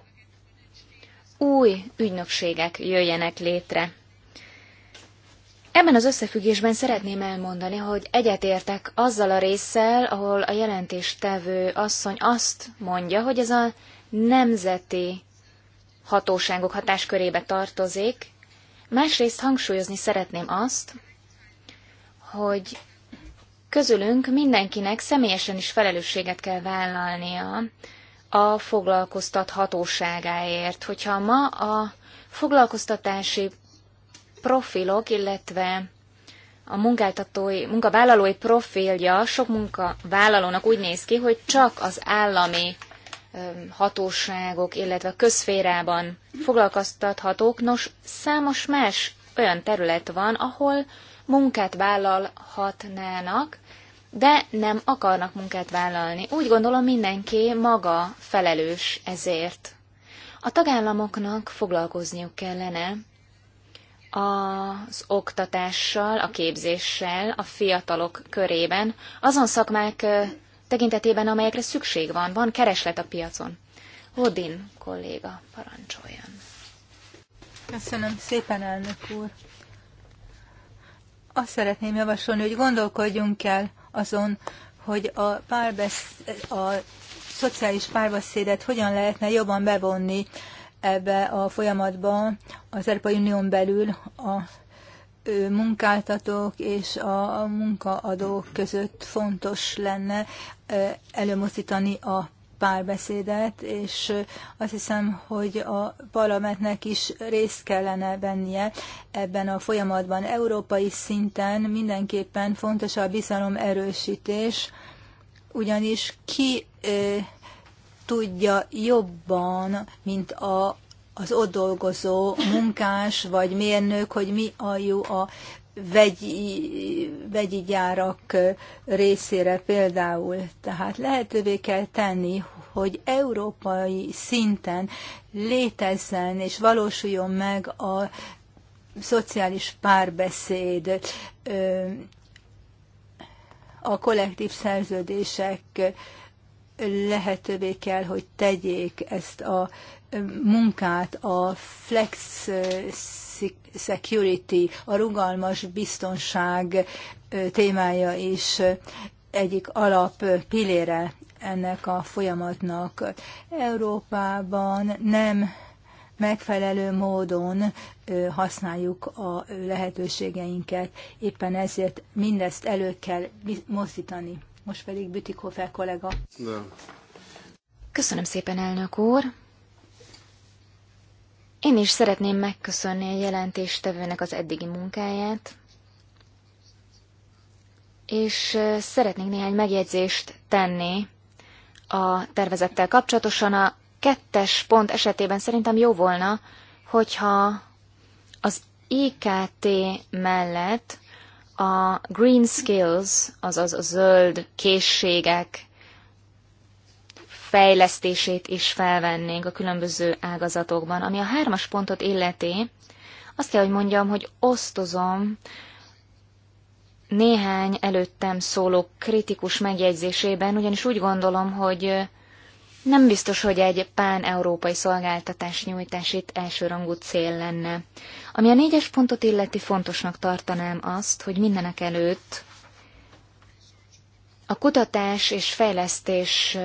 új ügynökségek jöjjenek létre. Ebben az összefüggésben szeretném elmondani, hogy egyetértek azzal a résszel, ahol a jelentéstevő asszony azt mondja, hogy ez a nemzeti hatóságok hatáskörébe tartozik. Másrészt hangsúlyozni szeretném azt, hogy közülünk mindenkinek személyesen is felelősséget kell vállalnia a foglalkoztat hatóságáért. Hogyha ma a foglalkoztatási profilok, illetve a munkáltatói, munkavállalói profilja sok munkavállalónak úgy néz ki, hogy csak az állami hatóságok, illetve a közférában foglalkoztathatók, nos számos más olyan terület van, ahol munkát vállalhatnának, de nem akarnak munkát vállalni. Úgy gondolom mindenki maga felelős ezért. A tagállamoknak foglalkozniuk kellene az oktatással, a képzéssel, a fiatalok körében, azon szakmák tekintetében, amelyekre szükség van, van kereslet a piacon. Hodin kolléga, parancsoljon. Köszönöm szépen, elnök úr. Azt szeretném javasolni, hogy gondolkodjunk el azon, hogy a, párbesz, a szociális párbeszédet hogyan lehetne jobban bevonni ebbe a folyamatba az Európai Unión belül a munkáltatók és a munkaadók között fontos lenne előmozdítani a párbeszédet, és azt hiszem, hogy a parlamentnek is részt kellene vennie ebben a folyamatban. Európai szinten mindenképpen fontos a bizalom erősítés, ugyanis ki tudja jobban, mint a, az ott dolgozó munkás vagy mérnök, hogy mi a jó a vegyi, vegyi gyárak részére például. Tehát lehetővé kell tenni, hogy európai szinten létezzen és valósuljon meg a szociális párbeszéd, a kollektív szerződések lehetővé kell, hogy tegyék ezt a munkát, a flex security, a rugalmas biztonság témája is egyik alap pillére ennek a folyamatnak. Európában nem megfelelő módon használjuk a lehetőségeinket, éppen ezért mindezt elő kell mozdítani. Most pedig Bütikofer kollega. De. Köszönöm szépen, elnök úr. Én is szeretném megköszönni a jelentéstevőnek az eddigi munkáját, és szeretnék néhány megjegyzést tenni a tervezettel kapcsolatosan. A kettes pont esetében szerintem jó volna, hogyha az IKT mellett a green skills, azaz a zöld készségek fejlesztését is felvennénk a különböző ágazatokban. Ami a hármas pontot illeti, azt kell, hogy mondjam, hogy osztozom néhány előttem szóló kritikus megjegyzésében, ugyanis úgy gondolom, hogy nem biztos, hogy egy pán-európai szolgáltatás nyújtás itt elsőrangú cél lenne. Ami a négyes pontot illeti, fontosnak tartanám azt, hogy mindenek előtt a kutatás és fejlesztés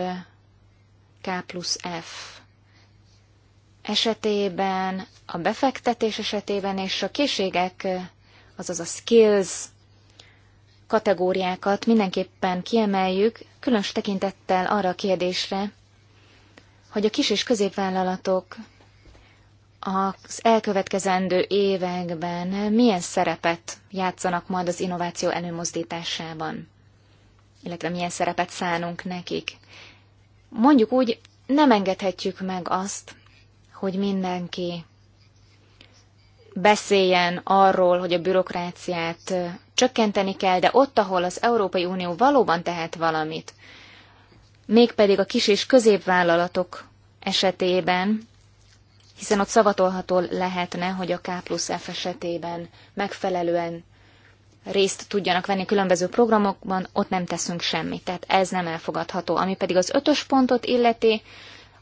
K plusz F esetében, a befektetés esetében és a készségek, azaz a skills kategóriákat mindenképpen kiemeljük, különös tekintettel arra a kérdésre, hogy a kis és középvállalatok az elkövetkezendő években milyen szerepet játszanak majd az innováció előmozdításában, illetve milyen szerepet szánunk nekik. Mondjuk úgy, nem engedhetjük meg azt, hogy mindenki beszéljen arról, hogy a bürokráciát csökkenteni kell, de ott, ahol az Európai Unió valóban tehet valamit, mégpedig a kis és középvállalatok esetében, hiszen ott szavatolható lehetne, hogy a K plusz F esetében megfelelően részt tudjanak venni különböző programokban, ott nem teszünk semmit. Tehát ez nem elfogadható. Ami pedig az ötös pontot illeti,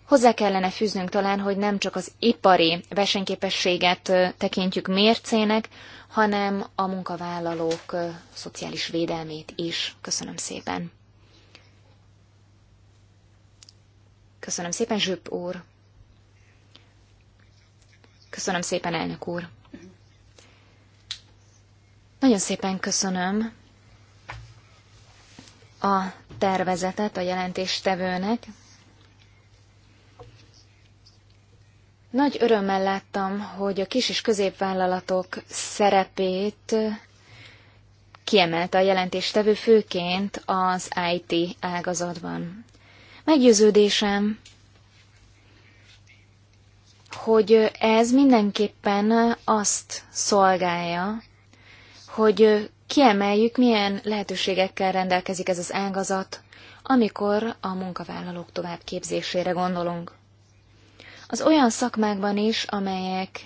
hozzá kellene fűznünk talán, hogy nem csak az ipari versenyképességet tekintjük mércének, hanem a munkavállalók szociális védelmét is. Köszönöm szépen. Köszönöm szépen, Zsöp úr. Köszönöm szépen, elnök úr. Nagyon szépen köszönöm a tervezetet a jelentéstevőnek. Nagy örömmel láttam, hogy a kis és középvállalatok szerepét kiemelte a jelentéstevő főként az IT ágazatban. Meggyőződésem, hogy ez mindenképpen azt szolgálja, hogy kiemeljük, milyen lehetőségekkel rendelkezik ez az ágazat, amikor a munkavállalók továbbképzésére gondolunk. Az olyan szakmákban is, amelyek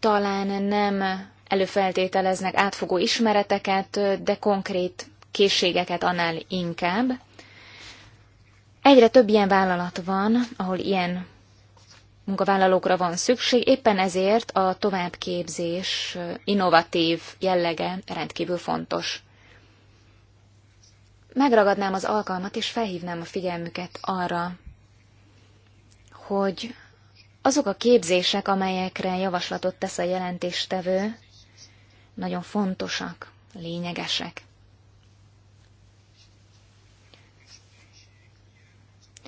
talán nem előfeltételeznek átfogó ismereteket, de konkrét készségeket annál inkább, Egyre több ilyen vállalat van, ahol ilyen munkavállalókra van szükség, éppen ezért a továbbképzés innovatív jellege rendkívül fontos. Megragadnám az alkalmat, és felhívnám a figyelmüket arra, hogy azok a képzések, amelyekre javaslatot tesz a jelentéstevő, nagyon fontosak, lényegesek.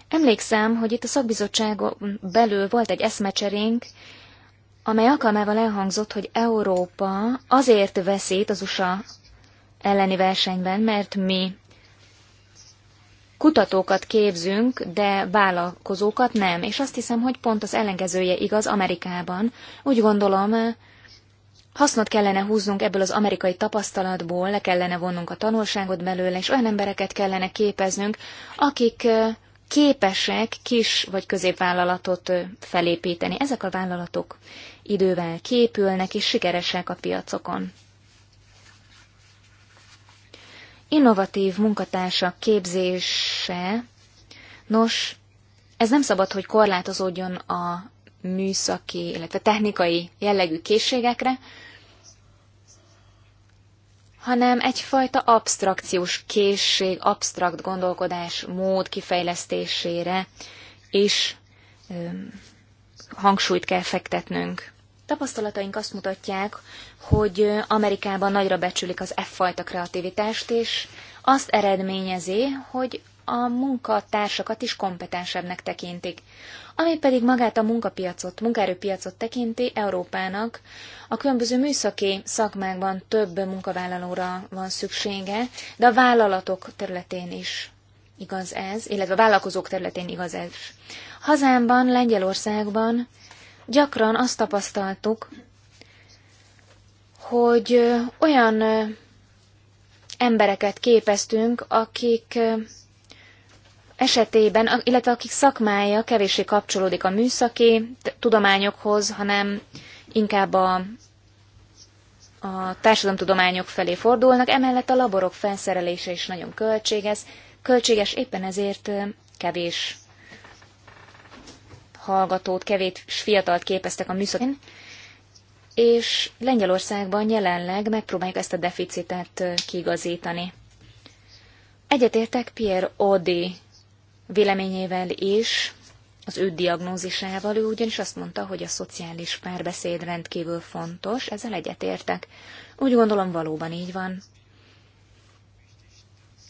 Emlékszem, hogy itt a szakbizottságon belül volt egy eszmecserénk, amely alkalmával elhangzott, hogy Európa azért veszít az USA elleni versenyben, mert mi kutatókat képzünk, de vállalkozókat nem, és azt hiszem, hogy pont az ellenkezője igaz Amerikában. Úgy gondolom, hasznot kellene húznunk ebből az amerikai tapasztalatból, le kellene vonnunk a tanulságot belőle, és olyan embereket kellene képeznünk, akik képesek kis vagy középvállalatot felépíteni. Ezek a vállalatok idővel képülnek és sikeresek a piacokon. Innovatív munkatársak képzése, nos, ez nem szabad, hogy korlátozódjon a műszaki, illetve technikai jellegű készségekre, hanem egyfajta abstrakciós készség, abstrakt gondolkodás mód kifejlesztésére is ö, hangsúlyt kell fektetnünk. Tapasztalataink azt mutatják, hogy Amerikában nagyra becsülik az e fajta kreativitást, és azt eredményezi, hogy a munkatársakat is kompetensebbnek tekintik. Ami pedig magát a munkapiacot, munkaerőpiacot tekinti, Európának a különböző műszaki szakmákban több munkavállalóra van szüksége, de a vállalatok területén is igaz ez, illetve a vállalkozók területén igaz ez. Hazámban, Lengyelországban gyakran azt tapasztaltuk, hogy olyan embereket képeztünk, akik esetében, illetve akik szakmája kevéssé kapcsolódik a műszaki tudományokhoz, hanem inkább a, a társadalomtudományok felé fordulnak, emellett a laborok felszerelése is nagyon költséges, költséges éppen ezért kevés hallgatót, kevés fiatalt képeztek a műszakén, és Lengyelországban jelenleg megpróbáljuk ezt a deficitet kigazítani. Egyetértek Pierre Odi véleményével is, az ő diagnózisával, ő ugyanis azt mondta, hogy a szociális párbeszéd rendkívül fontos, ezzel egyetértek. Úgy gondolom, valóban így van.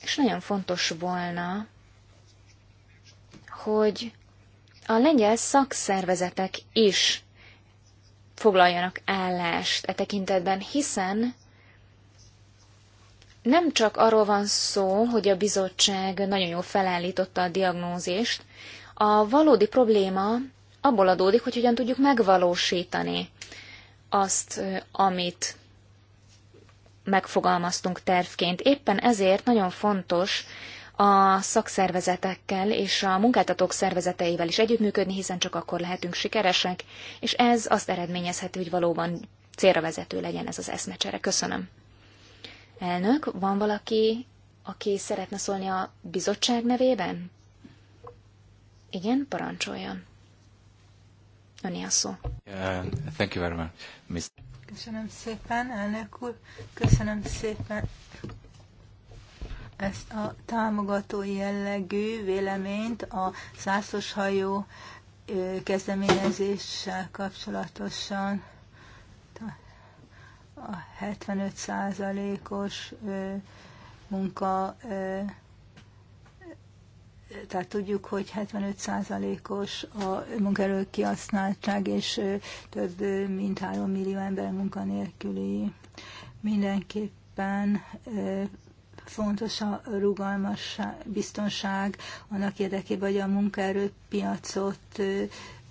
És nagyon fontos volna, hogy a lengyel szakszervezetek is foglaljanak állást e tekintetben, hiszen nem csak arról van szó, hogy a bizottság nagyon jól felállította a diagnózist, a valódi probléma abból adódik, hogy hogyan tudjuk megvalósítani azt, amit megfogalmaztunk tervként. Éppen ezért nagyon fontos a szakszervezetekkel és a munkáltatók szervezeteivel is együttműködni, hiszen csak akkor lehetünk sikeresek, és ez azt eredményezheti, hogy valóban célra vezető legyen ez az eszmecsere. Köszönöm. Elnök, van valaki, aki szeretne szólni a bizottság nevében? Igen, parancsoljon. Öné a szó. Uh, thank you very much. Miss... Köszönöm szépen, elnök úr. Köszönöm szépen ezt a támogató jellegű véleményt a százos hajó kezdeményezéssel kapcsolatosan a 75%-os munka, tehát tudjuk, hogy 75%-os a munkerő kihasználtság, és több mint 3 millió ember munkanélküli. Mindenképpen fontos a rugalmasság, biztonság annak érdekében, hogy a munkaerőpiacot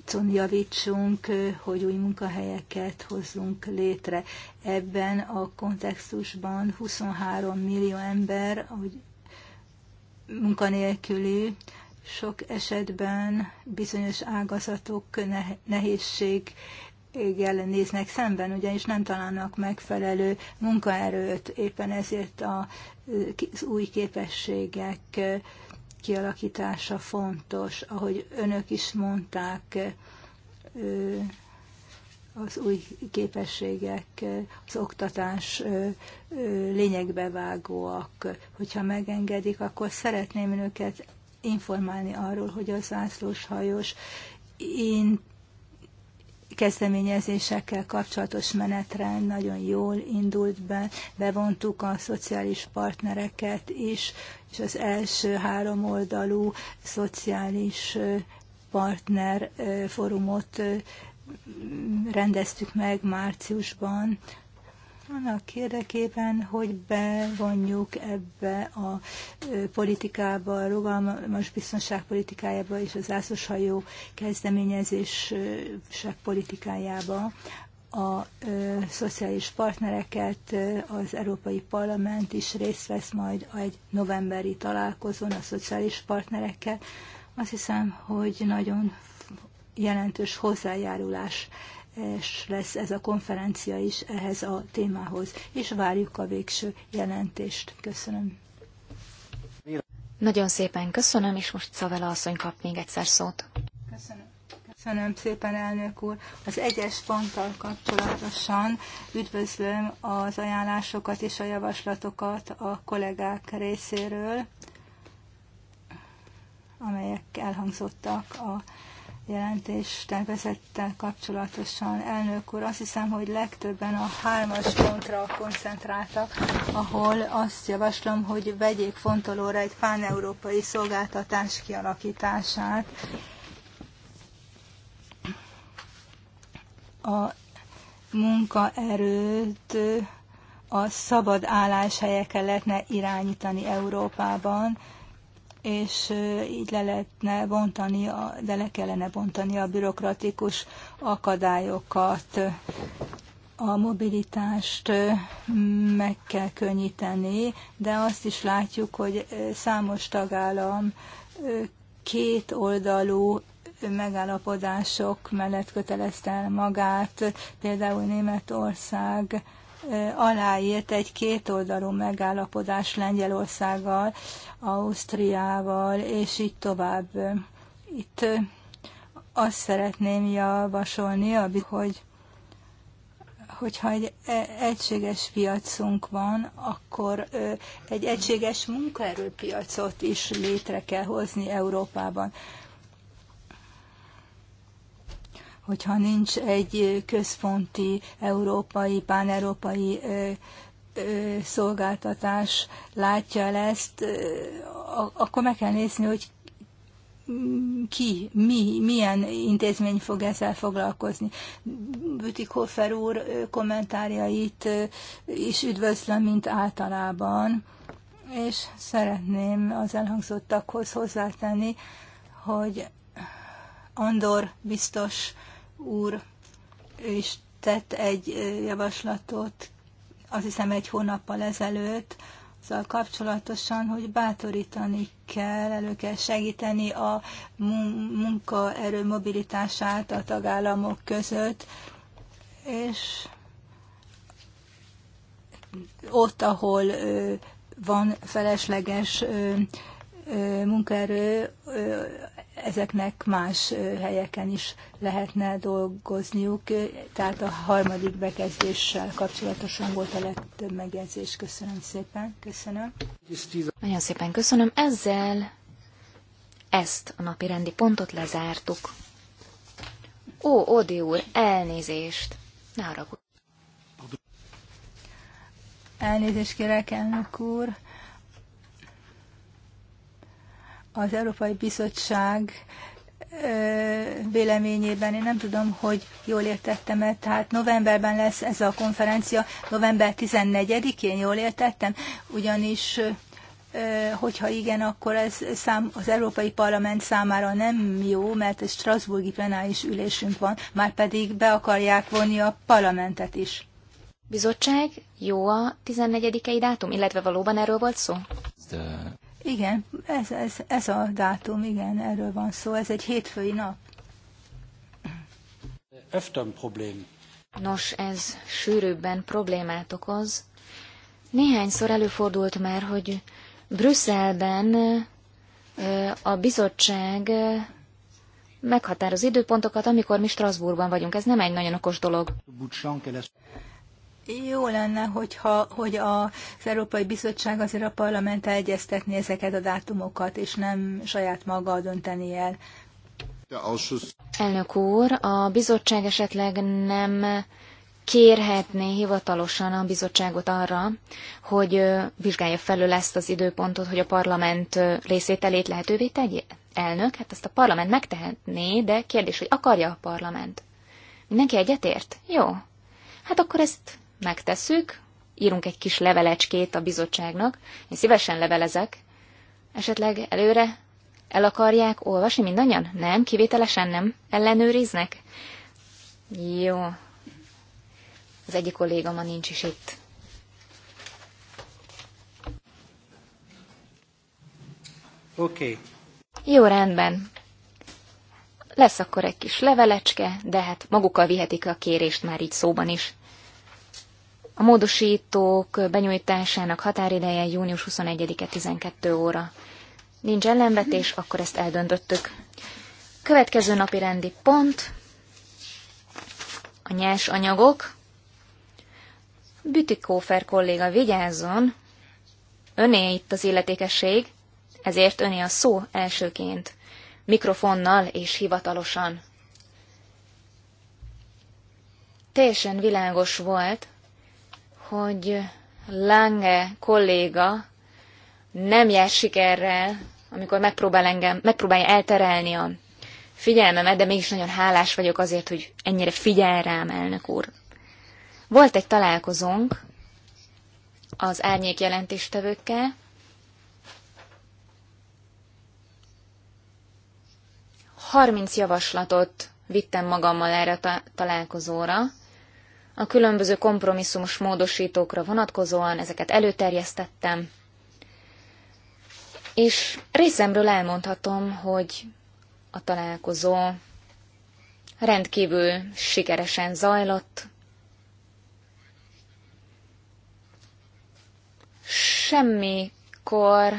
piacon javítsunk, hogy új munkahelyeket hozzunk létre. Ebben a kontextusban 23 millió ember, ahogy munkanélküli, sok esetben bizonyos ágazatok nehézség néznek szemben, ugyanis nem találnak megfelelő munkaerőt, éppen ezért az új képességek kialakítása fontos, ahogy önök is mondták, az új képességek, az oktatás lényegbe vágóak. Hogyha megengedik, akkor szeretném önöket informálni arról, hogy a hajós kezdeményezésekkel kapcsolatos menetrend nagyon jól indult be, bevontuk a szociális partnereket is, és az első három oldalú szociális partner fórumot rendeztük meg márciusban annak érdekében, hogy bevonjuk ebbe a politikába, a rugalmas biztonságpolitikájába és az ászoshajó kezdeményezések politikájába a ö, szociális partnereket, az Európai Parlament is részt vesz majd egy novemberi találkozón a szociális partnerekkel. Azt hiszem, hogy nagyon jelentős hozzájárulás lesz ez a konferencia is ehhez a témához, és várjuk a végső jelentést. Köszönöm. Nagyon szépen köszönöm, és most Szavela asszony kap még egyszer szót. Köszönöm. Köszönöm szépen, elnök úr. Az egyes ponttal kapcsolatosan üdvözlöm az ajánlásokat és a javaslatokat a kollégák részéről, amelyek elhangzottak a jelentés tervezettel kapcsolatosan. Elnök úr, azt hiszem, hogy legtöbben a hármas pontra koncentráltak, ahol azt javaslom, hogy vegyék fontolóra egy páneurópai szolgáltatás kialakítását. A munkaerőt a szabad álláshelyekkel lehetne irányítani Európában, és így le lehetne bontani, de le kellene bontani a bürokratikus akadályokat. A mobilitást meg kell könnyíteni, de azt is látjuk, hogy számos tagállam két oldalú megállapodások mellett kötelezte el magát, például Németország aláírt egy kétoldalú megállapodás Lengyelországgal, Ausztriával, és így tovább. Itt azt szeretném javasolni, hogy hogyha egy e, egységes piacunk van, akkor egy egységes munkaerőpiacot is létre kell hozni Európában hogyha nincs egy központi európai, páneurópai szolgáltatás látja el ezt, akkor meg kell nézni, hogy ki, mi, milyen intézmény fog ezzel foglalkozni. Hofer úr kommentárjait is üdvözlöm, mint általában, és szeretném az elhangzottakhoz hozzátenni, hogy Andor biztos úr is tett egy javaslatot, azt hiszem egy hónappal ezelőtt, azzal kapcsolatosan, hogy bátorítani kell, elő kell segíteni a munkaerő mobilitását a tagállamok között, és ott, ahol van felesleges munkaerő, ezeknek más helyeken is lehetne dolgozniuk, tehát a harmadik bekezdéssel kapcsolatosan volt a legtöbb megjegyzés. Köszönöm szépen, köszönöm. Nagyon szépen köszönöm. Ezzel ezt a napi rendi pontot lezártuk. Ó, Odi úr, elnézést! Ne haragudj! Elnézést kérek, elnök úr. az Európai Bizottság véleményében, én nem tudom, hogy jól értettem-e, tehát novemberben lesz ez a konferencia, november 14-én, jól értettem, ugyanis hogyha igen, akkor ez szám, az Európai Parlament számára nem jó, mert egy Strasburgi plenáris ülésünk van, már pedig be akarják vonni a parlamentet is. Bizottság, jó a 14 ei dátum, illetve valóban erről volt szó? Igen, ez, ez, ez a dátum, igen, erről van szó, ez egy hétfői nap. Öftön problém. Nos, ez sűrűbben problémát okoz. Néhányszor előfordult már, hogy Brüsszelben a bizottság meghatároz időpontokat, amikor mi Strasbourgban vagyunk. Ez nem egy nagyon okos dolog jó lenne, hogyha, hogy az Európai Bizottság azért a parlament egyeztetni ezeket a dátumokat, és nem saját maga dönteni el. Elnök úr, a bizottság esetleg nem kérhetné hivatalosan a bizottságot arra, hogy vizsgálja felül ezt az időpontot, hogy a parlament részételét lehetővé tegye? Elnök, hát ezt a parlament megtehetné, de kérdés, hogy akarja a parlament. Mindenki egyetért? Jó. Hát akkor ezt megtesszük, írunk egy kis levelecskét a bizottságnak, én szívesen levelezek, esetleg előre el akarják olvasni mindannyian? Nem, kivételesen nem. Ellenőriznek? Jó. Az egyik kolléga ma nincs is itt. Oké. Okay. Jó, rendben. Lesz akkor egy kis levelecske, de hát magukkal vihetik a kérést már így szóban is. A módosítók benyújtásának határideje június 21-e 12 óra. Nincs ellenvetés, akkor ezt eldöntöttük. Következő napi rendi pont a nyers anyagok. Bütikófer kolléga, vigyázzon! Öné itt az illetékesség, ezért öné a szó elsőként, mikrofonnal és hivatalosan. Teljesen világos volt, hogy Lange kolléga nem jár sikerrel, amikor megpróbál engem, megpróbálja elterelni a figyelmemet, de mégis nagyon hálás vagyok azért, hogy ennyire figyel rám, elnök úr. Volt egy találkozónk az árnyék jelentéstevőkkel, Harminc javaslatot vittem magammal erre a találkozóra, a különböző kompromisszumos módosítókra vonatkozóan, ezeket előterjesztettem, és részemről elmondhatom, hogy a találkozó rendkívül sikeresen zajlott, semmikor,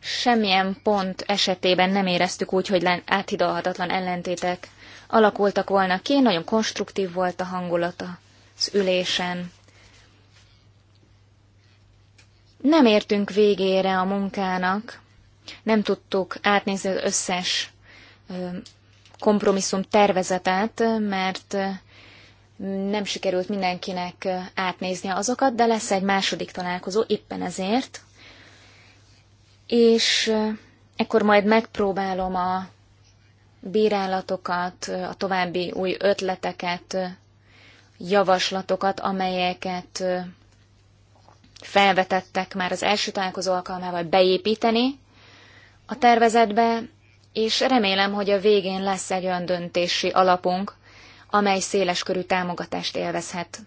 semmilyen pont esetében nem éreztük úgy, hogy áthidalhatatlan ellentétek alakultak volna ki, nagyon konstruktív volt a hangulata az ülésen. Nem értünk végére a munkának, nem tudtuk átnézni az összes kompromisszum tervezetet, mert nem sikerült mindenkinek átnéznie azokat, de lesz egy második találkozó éppen ezért, és ekkor majd megpróbálom a bírálatokat, a további új ötleteket, javaslatokat, amelyeket felvetettek már az első találkozó alkalmával beépíteni a tervezetbe, és remélem, hogy a végén lesz egy olyan döntési alapunk, amely széleskörű támogatást élvezhet.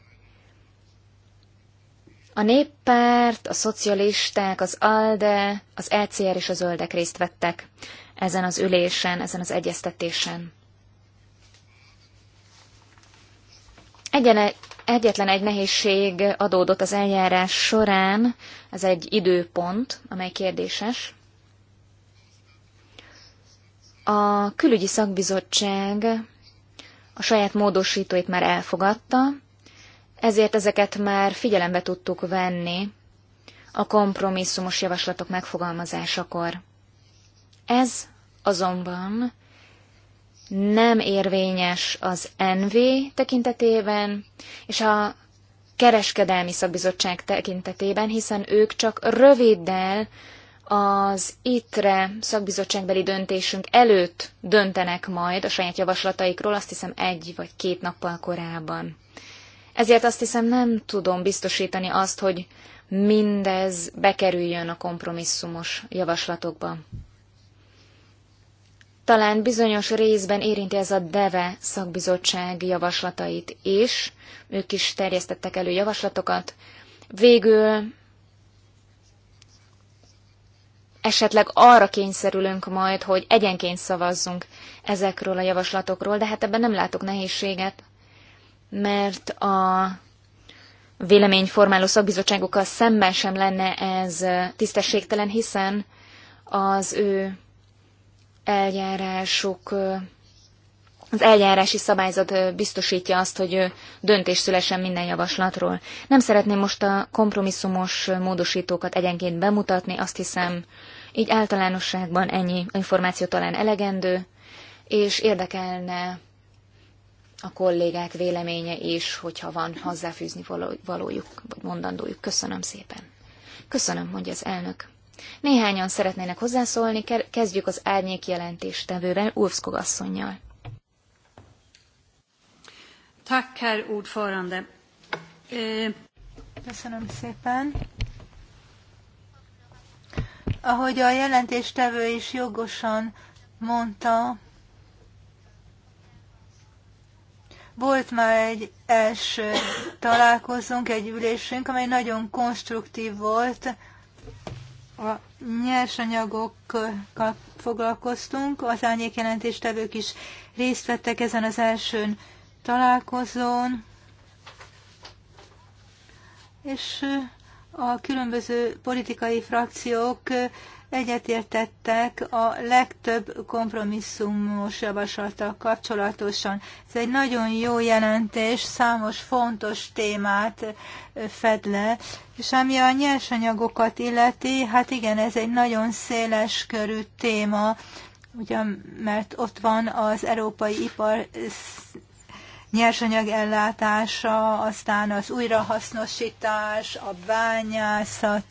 A néppárt, a szocialisták, az ALDE, az ECR és a zöldek részt vettek ezen az ülésen, ezen az egyeztetésen. Egyene, egyetlen egy nehézség adódott az eljárás során, ez egy időpont, amely kérdéses. A külügyi szakbizottság a saját módosítóit már elfogadta, ezért ezeket már figyelembe tudtuk venni a kompromisszumos javaslatok megfogalmazásakor. Ez azonban nem érvényes az NV tekintetében, és a kereskedelmi szakbizottság tekintetében, hiszen ők csak röviddel az ITRE szakbizottságbeli döntésünk előtt döntenek majd a saját javaslataikról, azt hiszem egy vagy két nappal korábban. Ezért azt hiszem nem tudom biztosítani azt, hogy mindez bekerüljön a kompromisszumos javaslatokba. Talán bizonyos részben érinti ez a DEVE szakbizottság javaslatait is. Ők is terjesztettek elő javaslatokat. Végül esetleg arra kényszerülünk majd, hogy egyenként szavazzunk ezekről a javaslatokról, de hát ebben nem látok nehézséget, mert a véleményformáló szakbizottságokkal szemben sem lenne ez tisztességtelen, hiszen az ő eljárások, az eljárási szabályzat biztosítja azt, hogy döntés szülessen minden javaslatról. Nem szeretném most a kompromisszumos módosítókat egyenként bemutatni, azt hiszem, így általánosságban ennyi információ talán elegendő, és érdekelne a kollégák véleménye is, hogyha van hozzáfűzni valójuk, vagy mondandójuk. Köszönöm szépen. Köszönöm, mondja az elnök. Néhányan szeretnének hozzászólni, kezdjük az árnyék jelentéstevővel, Ulfskog asszonynal. Eh, Köszönöm szépen. Ahogy a jelentéstevő is jogosan mondta, volt már egy első találkozónk, egy ülésünk, amely nagyon konstruktív volt a nyersanyagokkal foglalkoztunk, az árnyékjelentéstevők is részt vettek ezen az elsőn találkozón, és a különböző politikai frakciók egyetértettek a legtöbb kompromisszumos javaslattal kapcsolatosan. Ez egy nagyon jó jelentés, számos fontos témát fed le, és ami a nyersanyagokat illeti, hát igen, ez egy nagyon széles körű téma, ugyan mert ott van az európai ipar nyersanyag ellátása, aztán az újrahasznosítás, a bányászat,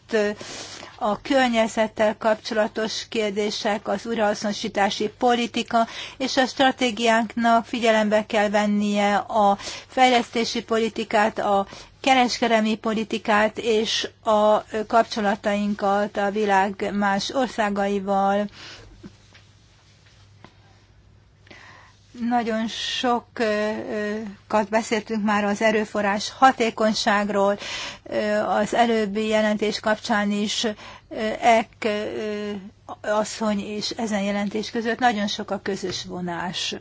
a környezettel kapcsolatos kérdések, az újrahasznosítási politika, és a stratégiánknak figyelembe kell vennie a fejlesztési politikát, a kereskedelmi politikát és a kapcsolatainkat a világ más országaival, Nagyon sokat beszéltünk már az erőforrás hatékonyságról, az előbbi jelentés kapcsán is ek asszony és ezen jelentés között nagyon sok a közös vonás.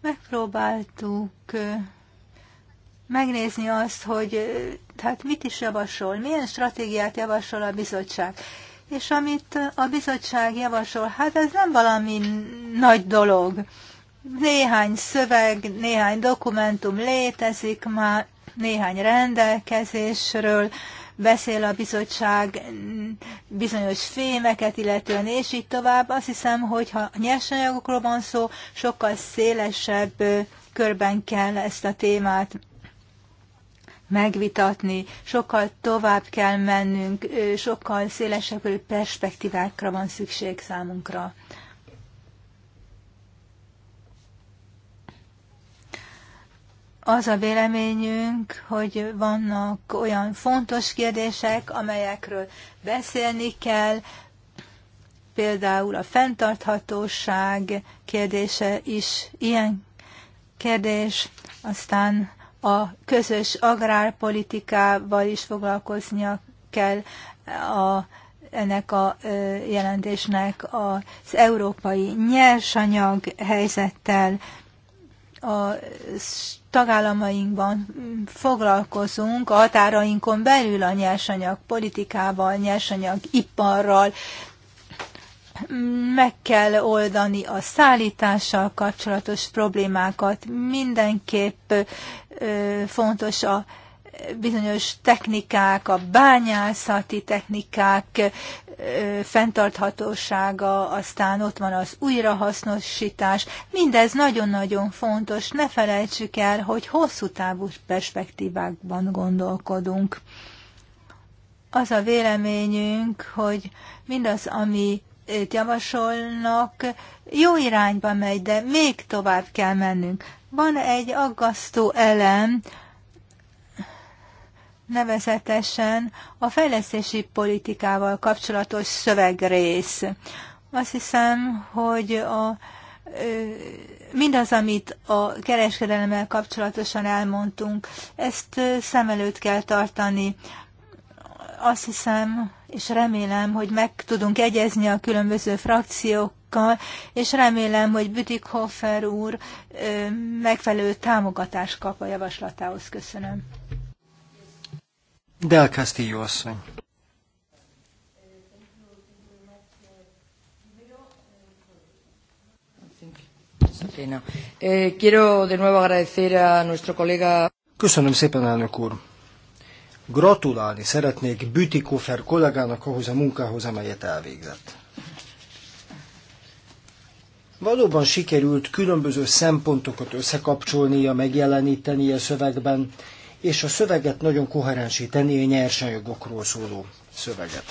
Megpróbáltuk megnézni azt, hogy tehát mit is javasol, milyen stratégiát javasol a bizottság és amit a bizottság javasol, hát ez nem valami nagy dolog. Néhány szöveg, néhány dokumentum létezik már, néhány rendelkezésről beszél a bizottság bizonyos fémeket, illetően és így tovább. Azt hiszem, hogy ha nyersanyagokról van szó, sokkal szélesebb körben kell ezt a témát megvitatni, sokkal tovább kell mennünk, sokkal szélesebb perspektívákra van szükség számunkra. Az a véleményünk, hogy vannak olyan fontos kérdések, amelyekről beszélni kell, például a fenntarthatóság kérdése is ilyen kérdés, aztán a közös agrárpolitikával is foglalkoznia kell a, ennek a jelentésnek az európai nyersanyag helyzettel a tagállamainkban foglalkozunk a határainkon belül a nyersanyag politikával, nyersanyag iparral, meg kell oldani a szállítással kapcsolatos problémákat, mindenképp fontos a bizonyos technikák, a bányászati technikák fenntarthatósága, aztán ott van az újrahasznosítás. Mindez nagyon-nagyon fontos, ne felejtsük el, hogy hosszú távú perspektívákban gondolkodunk. Az a véleményünk, hogy mindaz, ami javasolnak, jó irányba megy, de még tovább kell mennünk. Van egy aggasztó elem, nevezetesen a fejlesztési politikával kapcsolatos szövegrész. Azt hiszem, hogy a, mindaz, amit a kereskedelemmel kapcsolatosan elmondtunk, ezt szem előtt kell tartani. Azt hiszem, és remélem, hogy meg tudunk egyezni a különböző frakciókkal, és remélem, hogy Bütikhofer úr megfelelő támogatást kap a javaslatához. Köszönöm. Del Castillo asszony. Eh, Köszönöm szépen, elnök úr. Gratulálni szeretnék Bütikofer kollégának ahhoz a munkához, amelyet elvégzett. Valóban sikerült különböző szempontokat összekapcsolnia, megjeleníteni a szövegben, és a szöveget nagyon koherensíteni a nyersanyagokról szóló szöveget.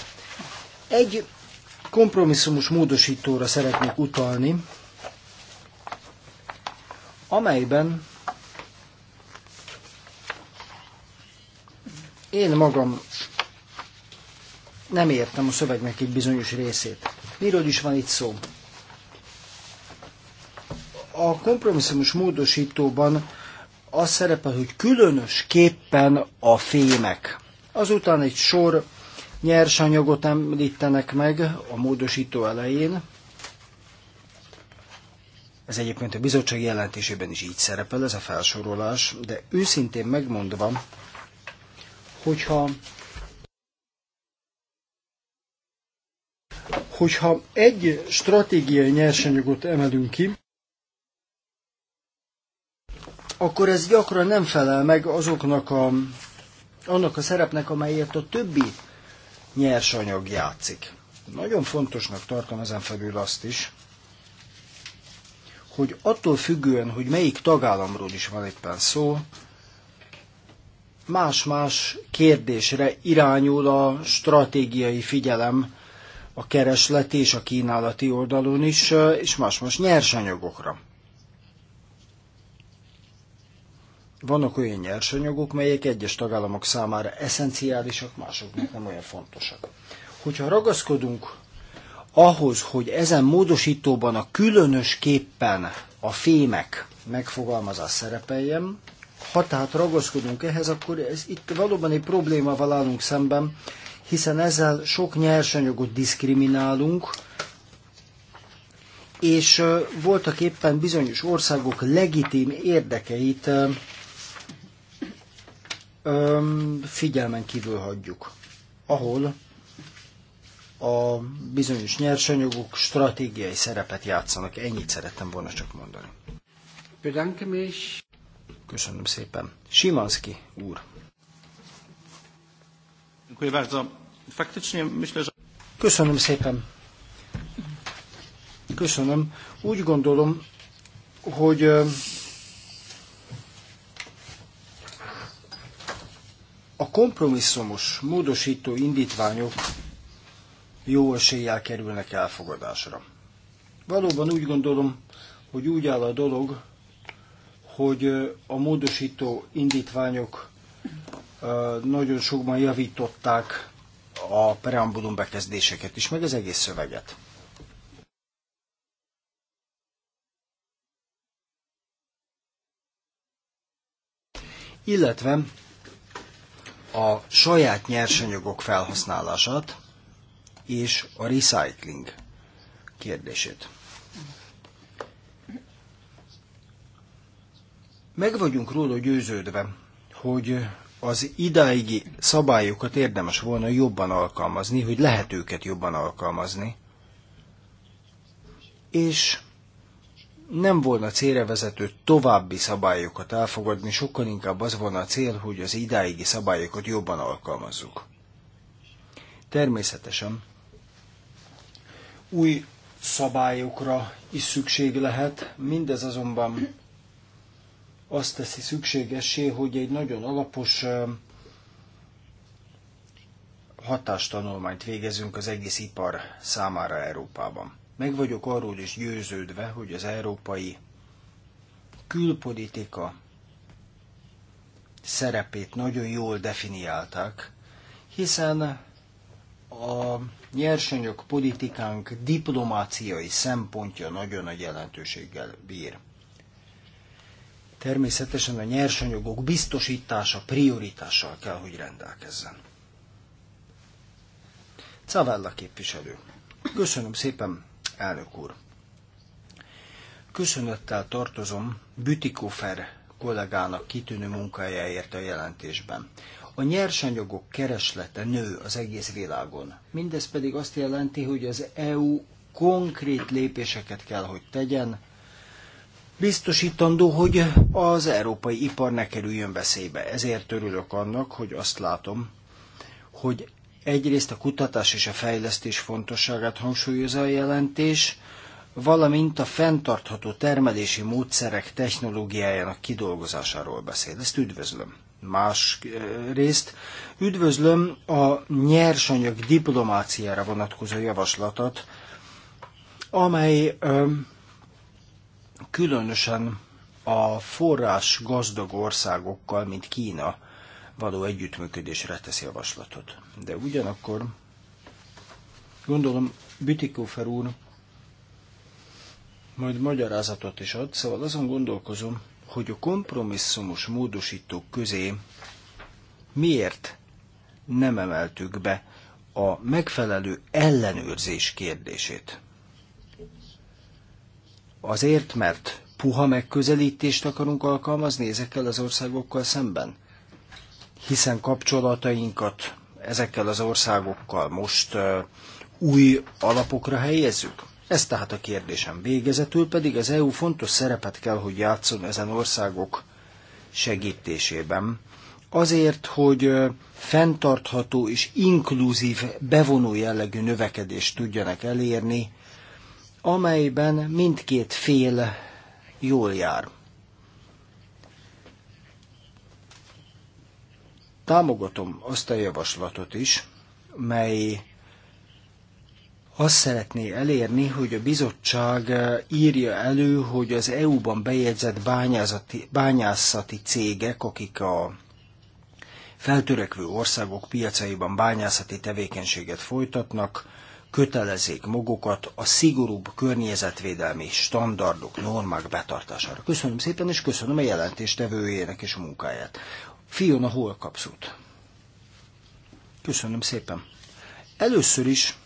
Egy kompromisszumos módosítóra szeretnék utalni, amelyben Én magam nem értem a szövegnek egy bizonyos részét. Miről is van itt szó? A kompromisszumos módosítóban az szerepel, hogy különösképpen a fémek. Azután egy sor nyersanyagot említenek meg a módosító elején. Ez egyébként a bizottság jelentésében is így szerepel, ez a felsorolás, de őszintén megmondva, hogyha hogyha egy stratégiai nyersanyagot emelünk ki, akkor ez gyakran nem felel meg azoknak a, annak a szerepnek, amelyért a többi nyersanyag játszik. Nagyon fontosnak tartom ezen felül azt is, hogy attól függően, hogy melyik tagállamról is van éppen szó, más-más kérdésre irányul a stratégiai figyelem a keresleti és a kínálati oldalon is, és más-más nyersanyagokra. Vannak olyan nyersanyagok, melyek egyes tagállamok számára eszenciálisak, másoknak nem olyan fontosak. Hogyha ragaszkodunk ahhoz, hogy ezen módosítóban a különösképpen a fémek megfogalmazás szerepeljen, ha tehát ragaszkodunk ehhez, akkor ez, itt valóban egy problémával állunk szemben, hiszen ezzel sok nyersanyagot diszkriminálunk, és voltak éppen bizonyos országok legitim érdekeit figyelmen kívül hagyjuk, ahol a bizonyos nyersanyagok stratégiai szerepet játszanak. Ennyit szerettem volna csak mondani. Köszönöm szépen. Simanski úr. Köszönöm szépen. Köszönöm. Úgy gondolom, hogy a kompromisszumos módosító indítványok jó eséllyel kerülnek elfogadásra. Valóban úgy gondolom, hogy úgy áll a dolog, hogy a módosító indítványok nagyon sokban javították a preambulum bekezdéseket is, meg az egész szöveget. Illetve a saját nyersanyagok felhasználását és a recycling kérdését. Meg vagyunk róla győződve, hogy az idáigi szabályokat érdemes volna jobban alkalmazni, hogy lehet őket jobban alkalmazni. És nem volna célra vezető további szabályokat elfogadni, sokkal inkább az volna a cél, hogy az idáigi szabályokat jobban alkalmazzuk. Természetesen új szabályokra is szükség lehet, mindez azonban azt teszi szükségessé, hogy egy nagyon alapos hatástanulmányt végezünk az egész ipar számára Európában. Meg vagyok arról is győződve, hogy az európai külpolitika szerepét nagyon jól definiálták, hiszen a nyersanyag politikánk diplomáciai szempontja nagyon nagy jelentőséggel bír természetesen a nyersanyagok biztosítása prioritással kell, hogy rendelkezzen. Cavella képviselő. Köszönöm szépen, elnök úr. Köszönöttel tartozom Bütikofer kollégának kitűnő munkájáért a jelentésben. A nyersanyagok kereslete nő az egész világon. Mindez pedig azt jelenti, hogy az EU konkrét lépéseket kell, hogy tegyen biztosítandó, hogy az európai ipar ne kerüljön veszélybe. Ezért örülök annak, hogy azt látom, hogy egyrészt a kutatás és a fejlesztés fontosságát hangsúlyozza a jelentés, valamint a fenntartható termelési módszerek technológiájának kidolgozásáról beszél. Ezt üdvözlöm. Más részt üdvözlöm a nyersanyag diplomáciára vonatkozó javaslatot, amely különösen a forrás gazdag országokkal, mint Kína, való együttműködésre tesz javaslatot. De ugyanakkor gondolom Bütikófer úr majd magyarázatot is ad, szóval azon gondolkozom, hogy a kompromisszumos módosítók közé miért nem emeltük be a megfelelő ellenőrzés kérdését. Azért, mert puha megközelítést akarunk alkalmazni ezekkel az országokkal szemben? Hiszen kapcsolatainkat ezekkel az országokkal most uh, új alapokra helyezzük? Ez tehát a kérdésem. Végezetül pedig az EU fontos szerepet kell, hogy játszon ezen országok segítésében. Azért, hogy fenntartható és inkluzív, bevonó jellegű növekedést tudjanak elérni, amelyben mindkét fél jól jár. Támogatom azt a javaslatot is, mely azt szeretné elérni, hogy a bizottság írja elő, hogy az EU-ban bejegyzett bányászati, cégek, akik a feltörekvő országok piacaiban bányászati tevékenységet folytatnak, kötelezzék magukat a szigorúbb környezetvédelmi standardok, normák betartására. Köszönöm szépen, és köszönöm a jelentéstevőjének és a munkáját. Fiona, hol kapsz Köszönöm szépen. Először is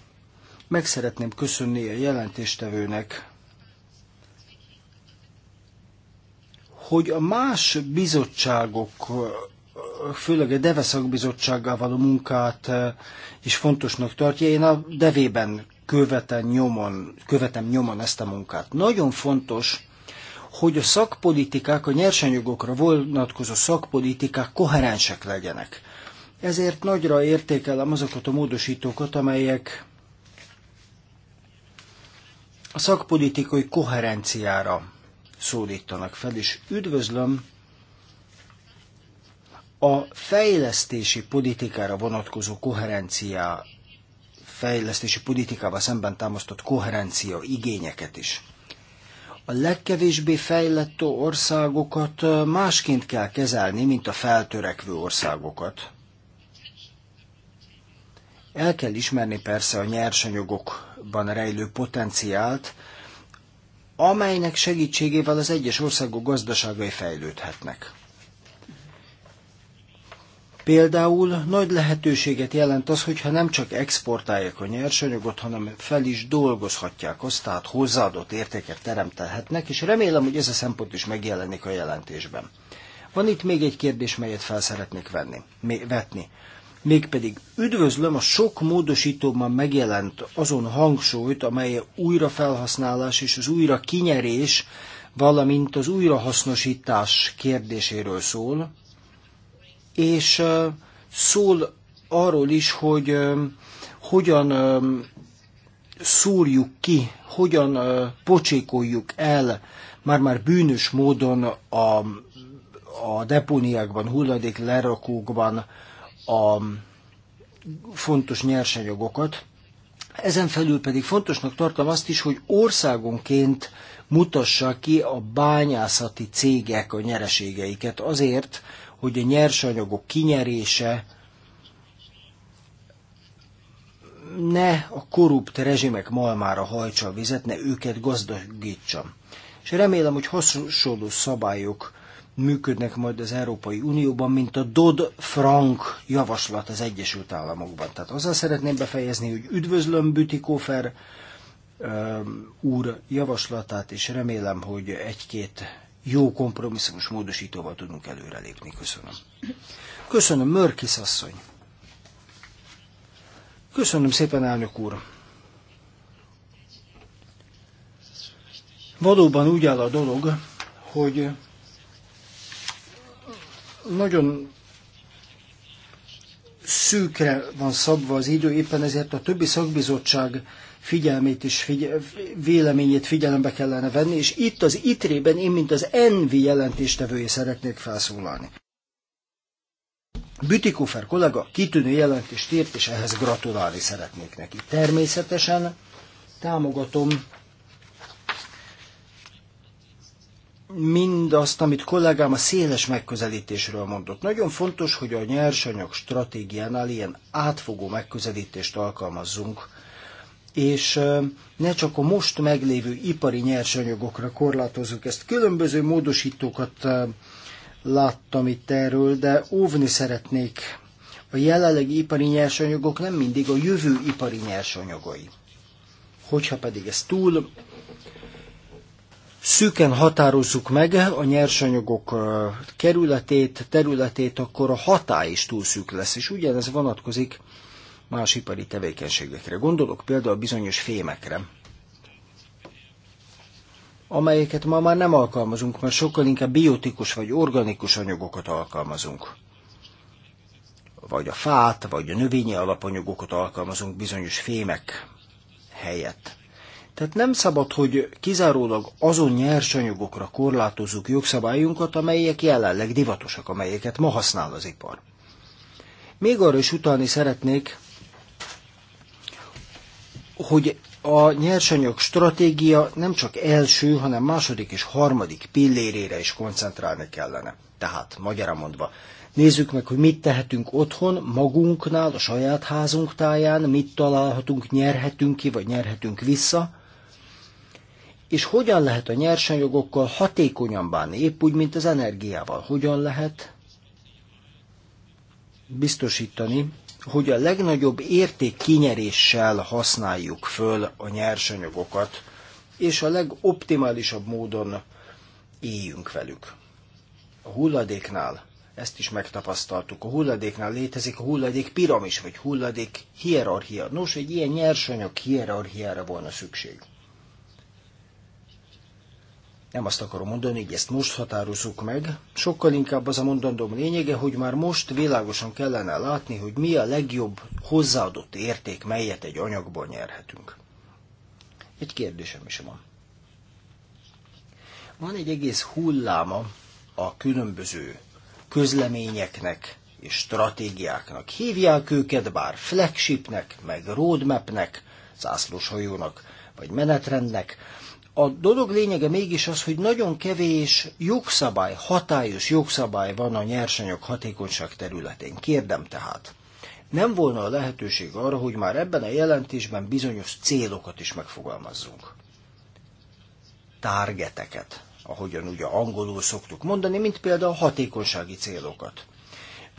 meg szeretném köszönni a jelentéstevőnek, hogy a más bizottságok főleg a DEVE szakbizottsággal való munkát is fontosnak tartja. Én a devében követem nyomon, követem nyomon ezt a munkát. Nagyon fontos, hogy a szakpolitikák, a nyersanyagokra vonatkozó szakpolitikák koherensek legyenek. Ezért nagyra értékelem azokat a módosítókat, amelyek a szakpolitikai koherenciára szólítanak fel, és üdvözlöm a fejlesztési politikára vonatkozó koherencia, fejlesztési politikával szemben támasztott koherencia igényeket is. A legkevésbé fejlett országokat másként kell kezelni, mint a feltörekvő országokat. El kell ismerni persze a nyersanyagokban rejlő potenciált, amelynek segítségével az egyes országok gazdaságai fejlődhetnek. Például nagy lehetőséget jelent az, hogyha nem csak exportálják a nyersanyagot, hanem fel is dolgozhatják azt, tehát hozzáadott értéket teremtelhetnek, és remélem, hogy ez a szempont is megjelenik a jelentésben. Van itt még egy kérdés, melyet fel szeretnék venni, vetni. Mégpedig üdvözlöm a sok módosítóban megjelent azon hangsúlyt, amely a újrafelhasználás és az újra kinyerés, valamint az újrahasznosítás kérdéséről szól, és szól arról is, hogy hogyan szúrjuk ki, hogyan pocsékoljuk el már-már bűnös módon a, a depóniákban, hulladék lerakókban a fontos nyersanyagokat. Ezen felül pedig fontosnak tartom azt is, hogy országonként mutassa ki a bányászati cégek a nyereségeiket azért, hogy a nyersanyagok kinyerése ne a korrupt rezsimek malmára hajtsa a vizet, ne őket gazdagítsa. És remélem, hogy hasonló szabályok működnek majd az Európai Unióban, mint a Dodd-Frank javaslat az Egyesült Államokban. Tehát azzal szeretném befejezni, hogy üdvözlöm Bütikofer úr javaslatát, és remélem, hogy egy-két jó kompromisszumos módosítóval tudunk előrelépni. Köszönöm. Köszönöm, Mörkis asszony. Köszönöm szépen, elnök úr. Valóban úgy áll a dolog, hogy nagyon szűkre van szabva az idő, éppen ezért a többi szakbizottság figyelmét és figyel, véleményét figyelembe kellene venni, és itt az ITRE-ben én, mint az ENVI jelentéstevője szeretnék felszólalni. Bütikofer kollega kitűnő jelentést írt, és ehhez gratulálni szeretnék neki. Természetesen támogatom mindazt, amit kollégám a széles megközelítésről mondott. Nagyon fontos, hogy a nyersanyag stratégiánál ilyen átfogó megközelítést alkalmazzunk, és ne csak a most meglévő ipari nyersanyagokra korlátozzuk ezt. Különböző módosítókat láttam itt erről, de óvni szeretnék. A jelenlegi ipari nyersanyagok nem mindig a jövő ipari nyersanyagai. Hogyha pedig ez túl szűken határozzuk meg a nyersanyagok kerületét, területét, akkor a hatá is túl szűk lesz, és ugyanez vonatkozik más ipari tevékenységekre. Gondolok például bizonyos fémekre, amelyeket ma már nem alkalmazunk, mert sokkal inkább biotikus vagy organikus anyagokat alkalmazunk. Vagy a fát, vagy a növényi alapanyagokat alkalmazunk bizonyos fémek helyett. Tehát nem szabad, hogy kizárólag azon nyersanyagokra korlátozzuk jogszabályunkat, amelyek jelenleg divatosak, amelyeket ma használ az ipar. Még arra is utalni szeretnék, hogy a nyersanyag stratégia nem csak első, hanem második és harmadik pillérére is koncentrálni kellene. Tehát, magyarán mondva, nézzük meg, hogy mit tehetünk otthon, magunknál, a saját házunk táján, mit találhatunk, nyerhetünk ki, vagy nyerhetünk vissza, és hogyan lehet a nyersanyagokkal hatékonyan bánni, épp úgy, mint az energiával. Hogyan lehet biztosítani, hogy a legnagyobb érték kinyeréssel használjuk föl a nyersanyagokat, és a legoptimálisabb módon éljünk velük. A hulladéknál, ezt is megtapasztaltuk, a hulladéknál létezik a hulladék piramis, vagy hulladék hierarchia. Nos, egy ilyen nyersanyag hierarchiára volna szükség. Nem azt akarom mondani, hogy ezt most határozzuk meg, sokkal inkább az a mondandóm lényege, hogy már most világosan kellene látni, hogy mi a legjobb hozzáadott érték, melyet egy anyagból nyerhetünk. Egy kérdésem is van. Van egy egész hulláma a különböző közleményeknek és stratégiáknak. Hívják őket bár flagshipnek, meg roadmapnek, zászlóshajónak, vagy menetrendnek, a dolog lényege mégis az, hogy nagyon kevés jogszabály, hatályos jogszabály van a nyersanyag hatékonyság területén. Kérdem tehát, nem volna a lehetőség arra, hogy már ebben a jelentésben bizonyos célokat is megfogalmazzunk. Targeteket, ahogyan ugye angolul szoktuk mondani, mint például a hatékonysági célokat.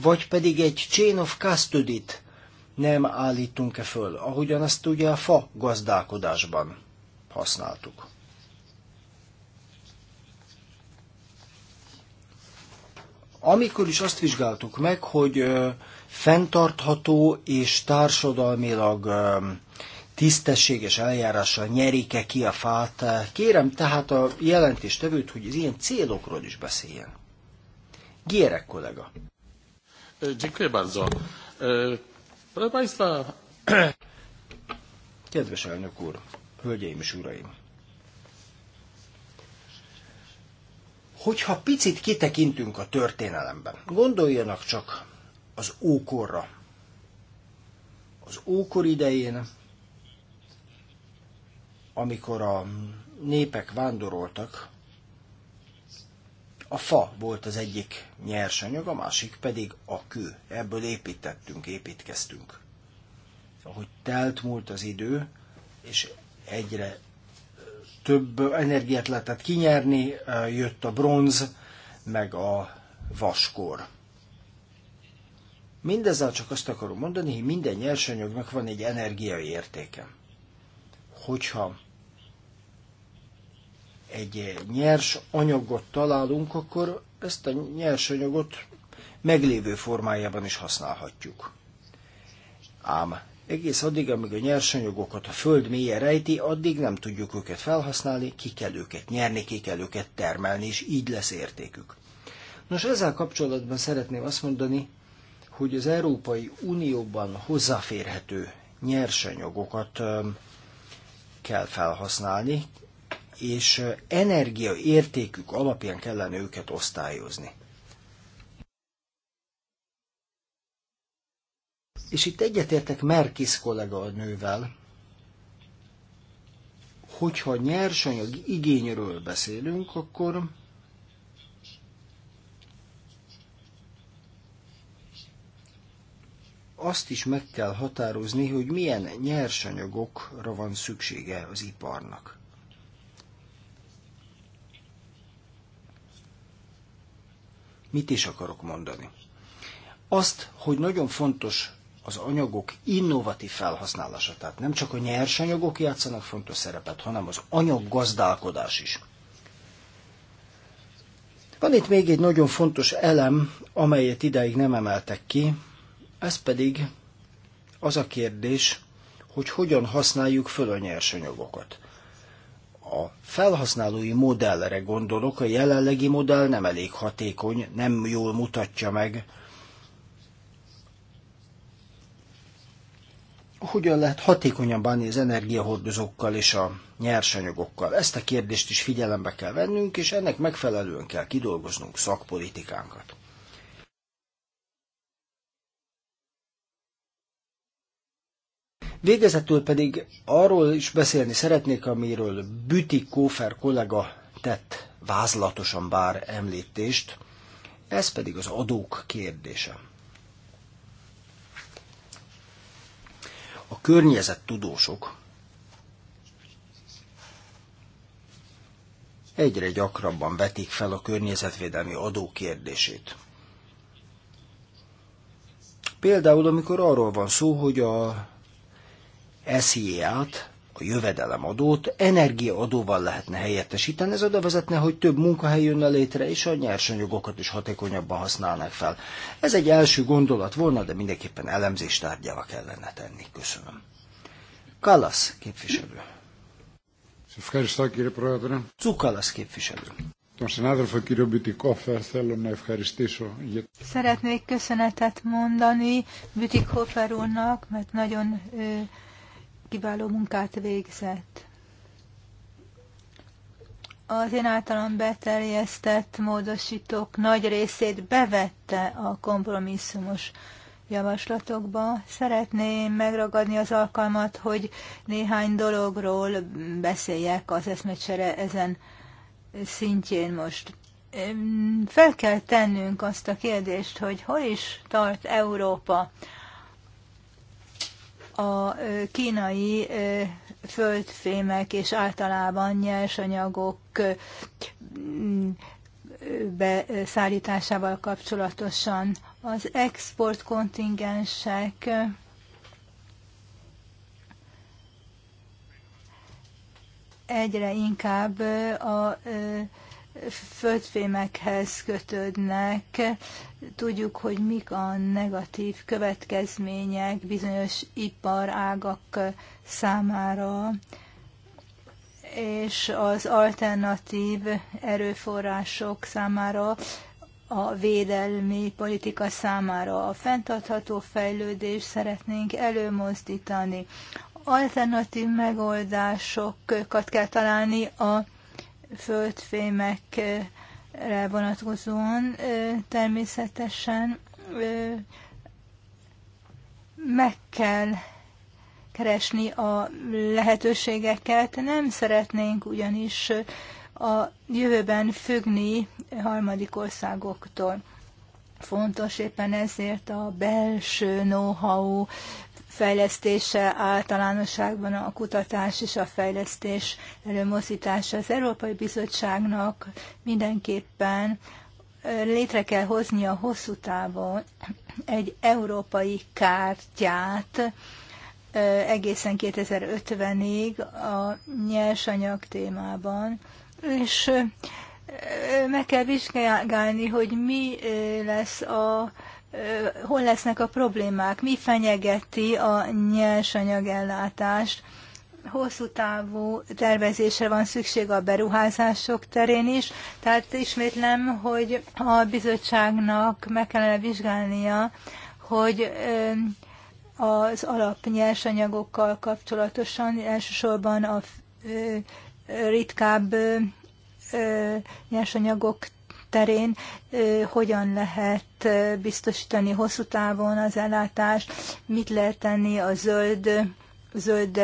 Vagy pedig egy chain of custody nem állítunk-e föl, ahogyan azt ugye a fa gazdálkodásban használtuk. Amikor is azt vizsgáltuk meg, hogy fenntartható és társadalmilag tisztességes eljárással nyerik-e ki a fát, kérem tehát a jelentéstevőt, hogy az ilyen célokról is beszéljen. Gyerek kollega. Kedves elnök úr, hölgyeim és uraim! Hogyha picit kitekintünk a történelemben, gondoljanak csak az ókorra. Az ókor idején, amikor a népek vándoroltak, a fa volt az egyik nyersanyag, a másik pedig a kő. Ebből építettünk, építkeztünk. Ahogy telt múlt az idő, és egyre több energiát lehetett kinyerni, jött a bronz, meg a vaskor. Mindezzel csak azt akarom mondani, hogy minden nyersanyagnak van egy energiai értéke. Hogyha egy nyers anyagot találunk, akkor ezt a nyers anyagot meglévő formájában is használhatjuk. Ám egész addig, amíg a nyersanyagokat a föld mélye rejti, addig nem tudjuk őket felhasználni, ki kell őket nyerni, ki kell őket termelni, és így lesz értékük. Nos, ezzel kapcsolatban szeretném azt mondani, hogy az Európai Unióban hozzáférhető nyersanyagokat kell felhasználni, és energiaértékük alapján kellene őket osztályozni. És itt egyetértek Merkis kollega a nővel, hogyha nyersanyag igényről beszélünk, akkor azt is meg kell határozni, hogy milyen nyersanyagokra van szüksége az iparnak. Mit is akarok mondani? Azt, hogy nagyon fontos az anyagok innovatív felhasználása. Tehát nem csak a nyersanyagok játszanak fontos szerepet, hanem az anyaggazdálkodás is. Van itt még egy nagyon fontos elem, amelyet ideig nem emeltek ki, ez pedig az a kérdés, hogy hogyan használjuk föl a nyersanyagokat. A felhasználói modellre gondolok, a jelenlegi modell nem elég hatékony, nem jól mutatja meg, hogyan lehet hatékonyan bánni az energiahordozókkal és a nyersanyagokkal. Ezt a kérdést is figyelembe kell vennünk, és ennek megfelelően kell kidolgoznunk szakpolitikánkat. Végezetül pedig arról is beszélni szeretnék, amiről Büti Kófer kollega tett vázlatosan bár említést, ez pedig az adók kérdése. a környezettudósok egyre gyakrabban vetik fel a környezetvédelmi adó kérdését. Például, amikor arról van szó, hogy a SZIA-t, a jövedelemadót energiaadóval lehetne helyettesíteni, ez oda vezetne, hogy több munkahely jönne létre, és a nyersanyagokat is hatékonyabban használnák fel. Ez egy első gondolat volna, de mindenképpen elemzést tárgyába kellene tenni. Köszönöm. Kalasz képviselő. Ευχαριστώ képviselő. Szeretnék köszönetet mondani Bütikofer úrnak, mert nagyon ö, kiváló munkát végzett. Az én általam beterjesztett módosítók nagy részét bevette a kompromisszumos javaslatokba. Szeretném megragadni az alkalmat, hogy néhány dologról beszéljek az eszmecsere ezen szintjén most. Fel kell tennünk azt a kérdést, hogy hol is tart Európa a kínai földfémek és általában nyersanyagok beszállításával kapcsolatosan az exportkontingensek egyre inkább a földfémekhez kötődnek. Tudjuk, hogy mik a negatív következmények bizonyos iparágak számára, és az alternatív erőforrások számára, a védelmi politika számára a fenntartható fejlődést szeretnénk előmozdítani alternatív megoldásokat kell találni a földfémekre vonatkozóan természetesen meg kell keresni a lehetőségeket. Nem szeretnénk ugyanis a jövőben függni harmadik országoktól. Fontos éppen ezért a belső know-how fejlesztése általánosságban a kutatás és a fejlesztés előmozdítása az Európai Bizottságnak mindenképpen létre kell hozni a hosszú távon egy európai kártyát egészen 2050-ig a nyersanyag témában, és meg kell vizsgálni, hogy mi lesz a hol lesznek a problémák, mi fenyegeti a nyersanyagellátást. Hosszú távú tervezésre van szükség a beruházások terén is, tehát ismétlem, hogy a bizottságnak meg kellene vizsgálnia, hogy az alapnyersanyagokkal kapcsolatosan, elsősorban a ritkább nyersanyagok terén hogyan lehet biztosítani hosszú távon az ellátást, mit lehet tenni a zöld zöld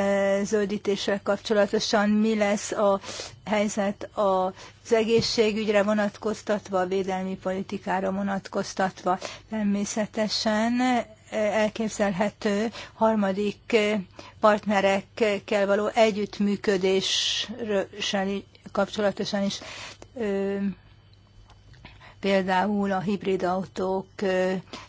zöldítéssel kapcsolatosan mi lesz a helyzet az egészségügyre vonatkoztatva, a védelmi politikára vonatkoztatva. Természetesen elképzelhető harmadik partnerekkel való együttműködéssel kapcsolatosan is például a hibrid autók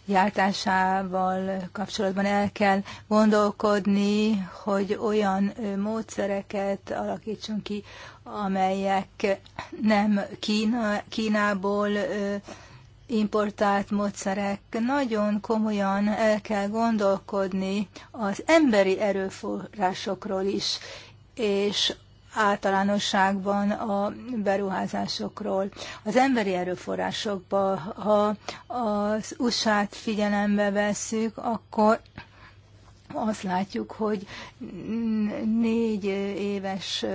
gyártásával kapcsolatban el kell gondolkodni, hogy olyan módszereket alakítsunk ki, amelyek nem Kína, Kínából importált módszerek. Nagyon komolyan el kell gondolkodni az emberi erőforrásokról is, és általánosságban a beruházásokról. Az emberi erőforrásokba, ha az usa figyelembe vesszük, akkor azt látjuk, hogy négy éves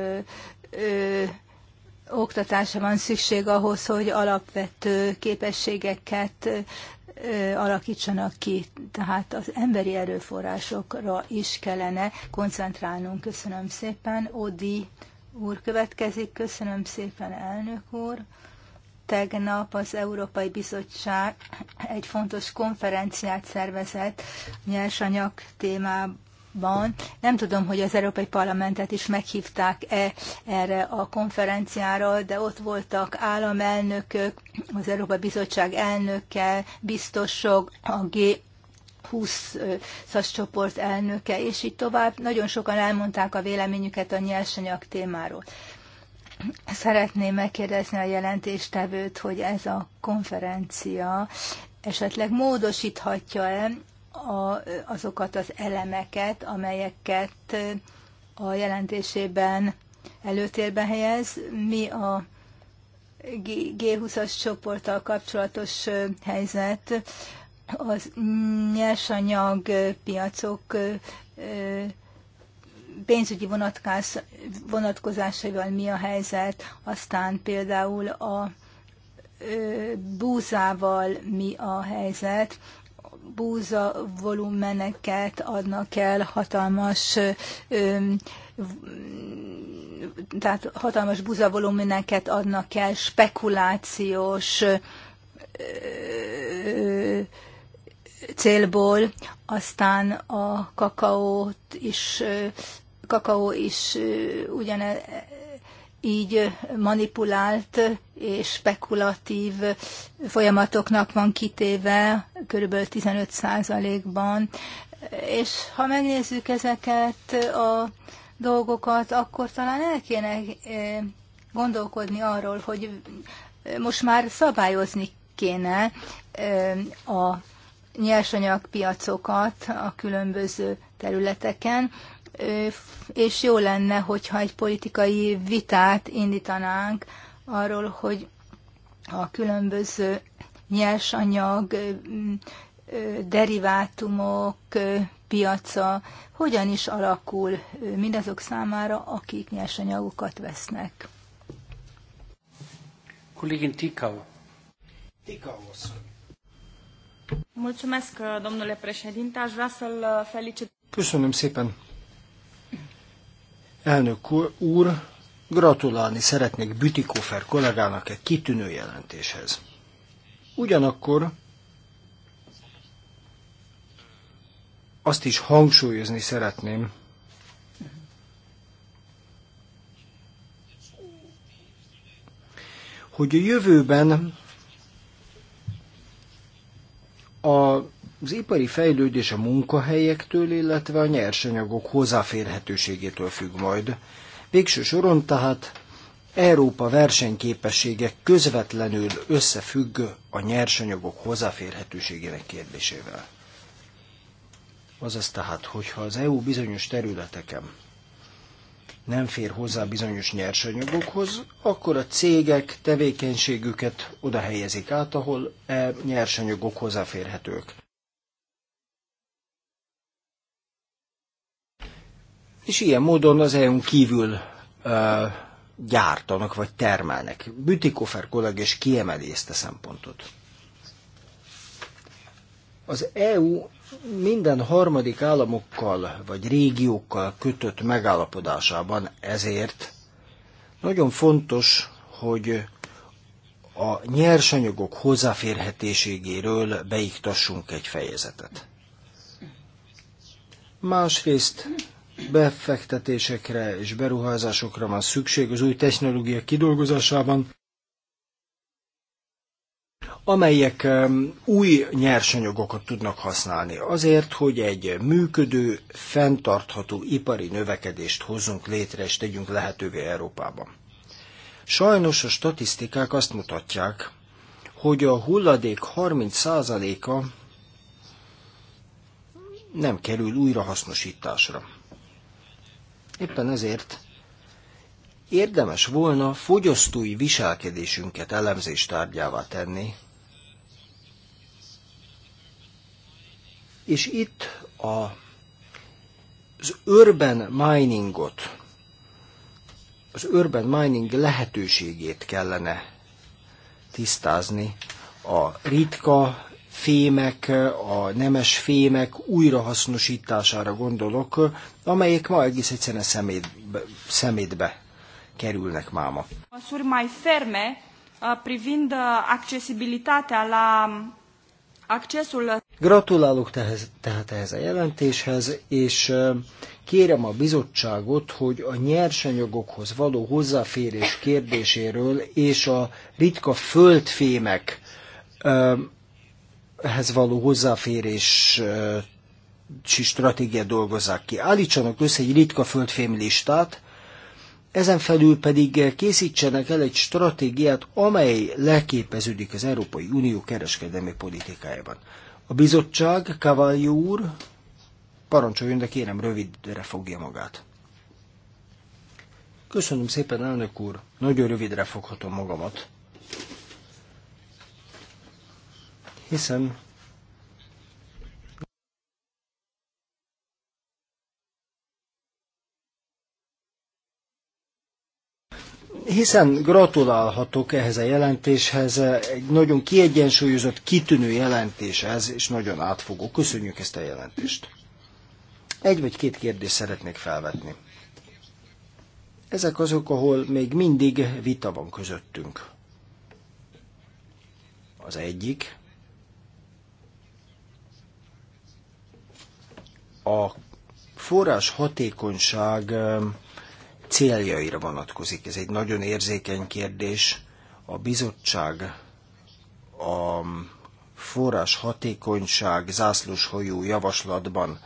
oktatásra van szükség ahhoz, hogy alapvető képességeket alakítsanak ki. Tehát az emberi erőforrásokra is kellene koncentrálnunk. Köszönöm szépen. Odi úr következik. Köszönöm szépen, elnök úr. Tegnap az Európai Bizottság egy fontos konferenciát szervezett nyersanyag témában van. Nem tudom, hogy az Európai Parlamentet is meghívták-e erre a konferenciára, de ott voltak államelnökök, az Európai Bizottság elnöke, biztosok, a G 20-as csoport elnöke, és így tovább. Nagyon sokan elmondták a véleményüket a nyersanyag témáról. Szeretném megkérdezni a jelentéstevőt, hogy ez a konferencia esetleg módosíthatja-e a, azokat az elemeket, amelyeket a jelentésében előtérbe helyez. Mi a G20-as csoporttal kapcsolatos helyzet, az nyersanyag piacok pénzügyi vonatkás, vonatkozásaival mi a helyzet, aztán például a búzával mi a helyzet, búza volumeneket adnak el hatalmas tehát hatalmas búza volumeneket adnak el spekulációs célból, aztán a kakaót is, kakaó is ugyane így manipulált és spekulatív folyamatoknak van kitéve, kb. 15%-ban. És ha megnézzük ezeket a dolgokat, akkor talán el kéne eh, gondolkodni arról, hogy most már szabályozni kéne eh, a nyersanyagpiacokat a különböző területeken, és jó lenne, hogyha egy politikai vitát indítanánk arról, hogy a különböző nyersanyag, derivátumok piaca hogyan is alakul mindazok számára, akik nyersanyagokat vesznek. Kollégin Tikau. Tikau Mulțumesc, domnule președinte. Aș vrea să-l felicit. Köszönöm szépen, Elnök úr, gratulálni szeretnék Bütikofer kollégának egy kitűnő jelentéshez. Ugyanakkor azt is hangsúlyozni szeretném, hogy a jövőben a az ipari fejlődés a munkahelyektől, illetve a nyersanyagok hozzáférhetőségétől függ majd. Végső soron tehát Európa versenyképessége közvetlenül összefügg a nyersanyagok hozzáférhetőségének kérdésével. Azaz tehát, hogyha az EU bizonyos területeken nem fér hozzá bizonyos nyersanyagokhoz, akkor a cégek tevékenységüket oda helyezik át, ahol e nyersanyagok hozzáférhetők. és ilyen módon az EU-n kívül uh, gyártanak vagy termelnek. Bütikofer kollega is kiemeli ezt a szempontot. Az EU minden harmadik államokkal vagy régiókkal kötött megállapodásában ezért nagyon fontos, hogy a nyersanyagok hozzáférhetőségéről beiktassunk egy fejezetet. Másrészt befektetésekre és beruházásokra van szükség az új technológiák kidolgozásában, amelyek új nyersanyagokat tudnak használni azért, hogy egy működő, fenntartható ipari növekedést hozzunk létre és tegyünk lehetővé Európában. Sajnos a statisztikák azt mutatják, hogy a hulladék 30%-a nem kerül újrahasznosításra. Éppen ezért érdemes volna fogyasztói viselkedésünket elemzés tárgyává tenni, és itt a, az urban miningot, az urban mining lehetőségét kellene tisztázni, a ritka fémek, a nemes fémek újrahasznosítására gondolok, amelyek ma egész egyszerűen szemétbe, szemétbe kerülnek máma. A mai ferme uh, privind uh, accesibilitatea la um, accesul Gratulálok tehez, tehát ehhez a jelentéshez, és uh, kérem a bizottságot, hogy a nyersanyagokhoz való hozzáférés kérdéséről és a ritka földfémek um, hez való hozzáférés stratégiát dolgozzák ki. Állítsanak össze egy ritka földfém listát, ezen felül pedig készítsenek el egy stratégiát, amely leképeződik az Európai Unió kereskedelmi politikájában. A bizottság, Kavalyó úr, parancsoljon, de kérem rövidre fogja magát. Köszönöm szépen, elnök úr, nagyon rövidre foghatom magamat. hiszen hiszen gratulálhatok ehhez a jelentéshez, egy nagyon kiegyensúlyozott, kitűnő jelentés ez, és nagyon átfogó. Köszönjük ezt a jelentést. Egy vagy két kérdést szeretnék felvetni. Ezek azok, ahol még mindig vita van közöttünk. Az egyik, a forrás hatékonyság céljaira vonatkozik. Ez egy nagyon érzékeny kérdés. A bizottság a forrás hatékonyság zászlós hajó javaslatban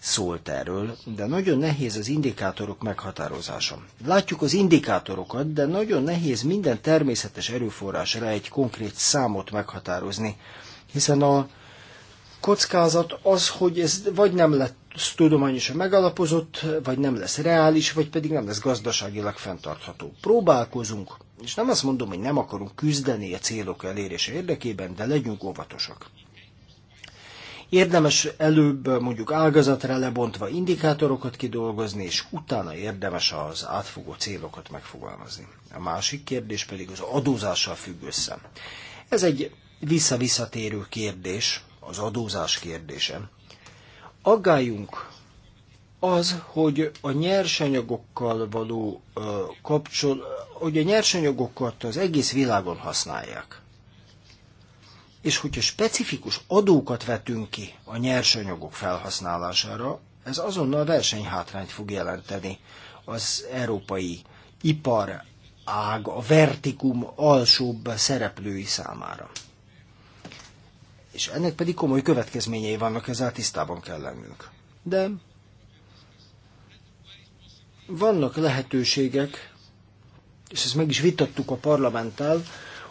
szólt erről, de nagyon nehéz az indikátorok meghatározása. Látjuk az indikátorokat, de nagyon nehéz minden természetes erőforrásra egy konkrét számot meghatározni, hiszen a kockázat az, hogy ez vagy nem lett tudományosan megalapozott, vagy nem lesz reális, vagy pedig nem lesz gazdaságilag fenntartható. Próbálkozunk, és nem azt mondom, hogy nem akarunk küzdeni a célok elérése érdekében, de legyünk óvatosak. Érdemes előbb mondjuk ágazatra lebontva indikátorokat kidolgozni, és utána érdemes az átfogó célokat megfogalmazni. A másik kérdés pedig az adózással függ össze. Ez egy vissza-visszatérő kérdés, az adózás kérdése. Aggáljunk az, hogy a nyersanyagokkal való kapcsol, hogy a nyersanyagokat az egész világon használják. És hogyha specifikus adókat vetünk ki a nyersanyagok felhasználására, ez azonnal versenyhátrányt fog jelenteni az európai ipar ág, a vertikum alsóbb szereplői számára. És ennek pedig komoly következményei vannak, ezzel tisztában kell lennünk. De vannak lehetőségek, és ezt meg is vitattuk a parlamenttel,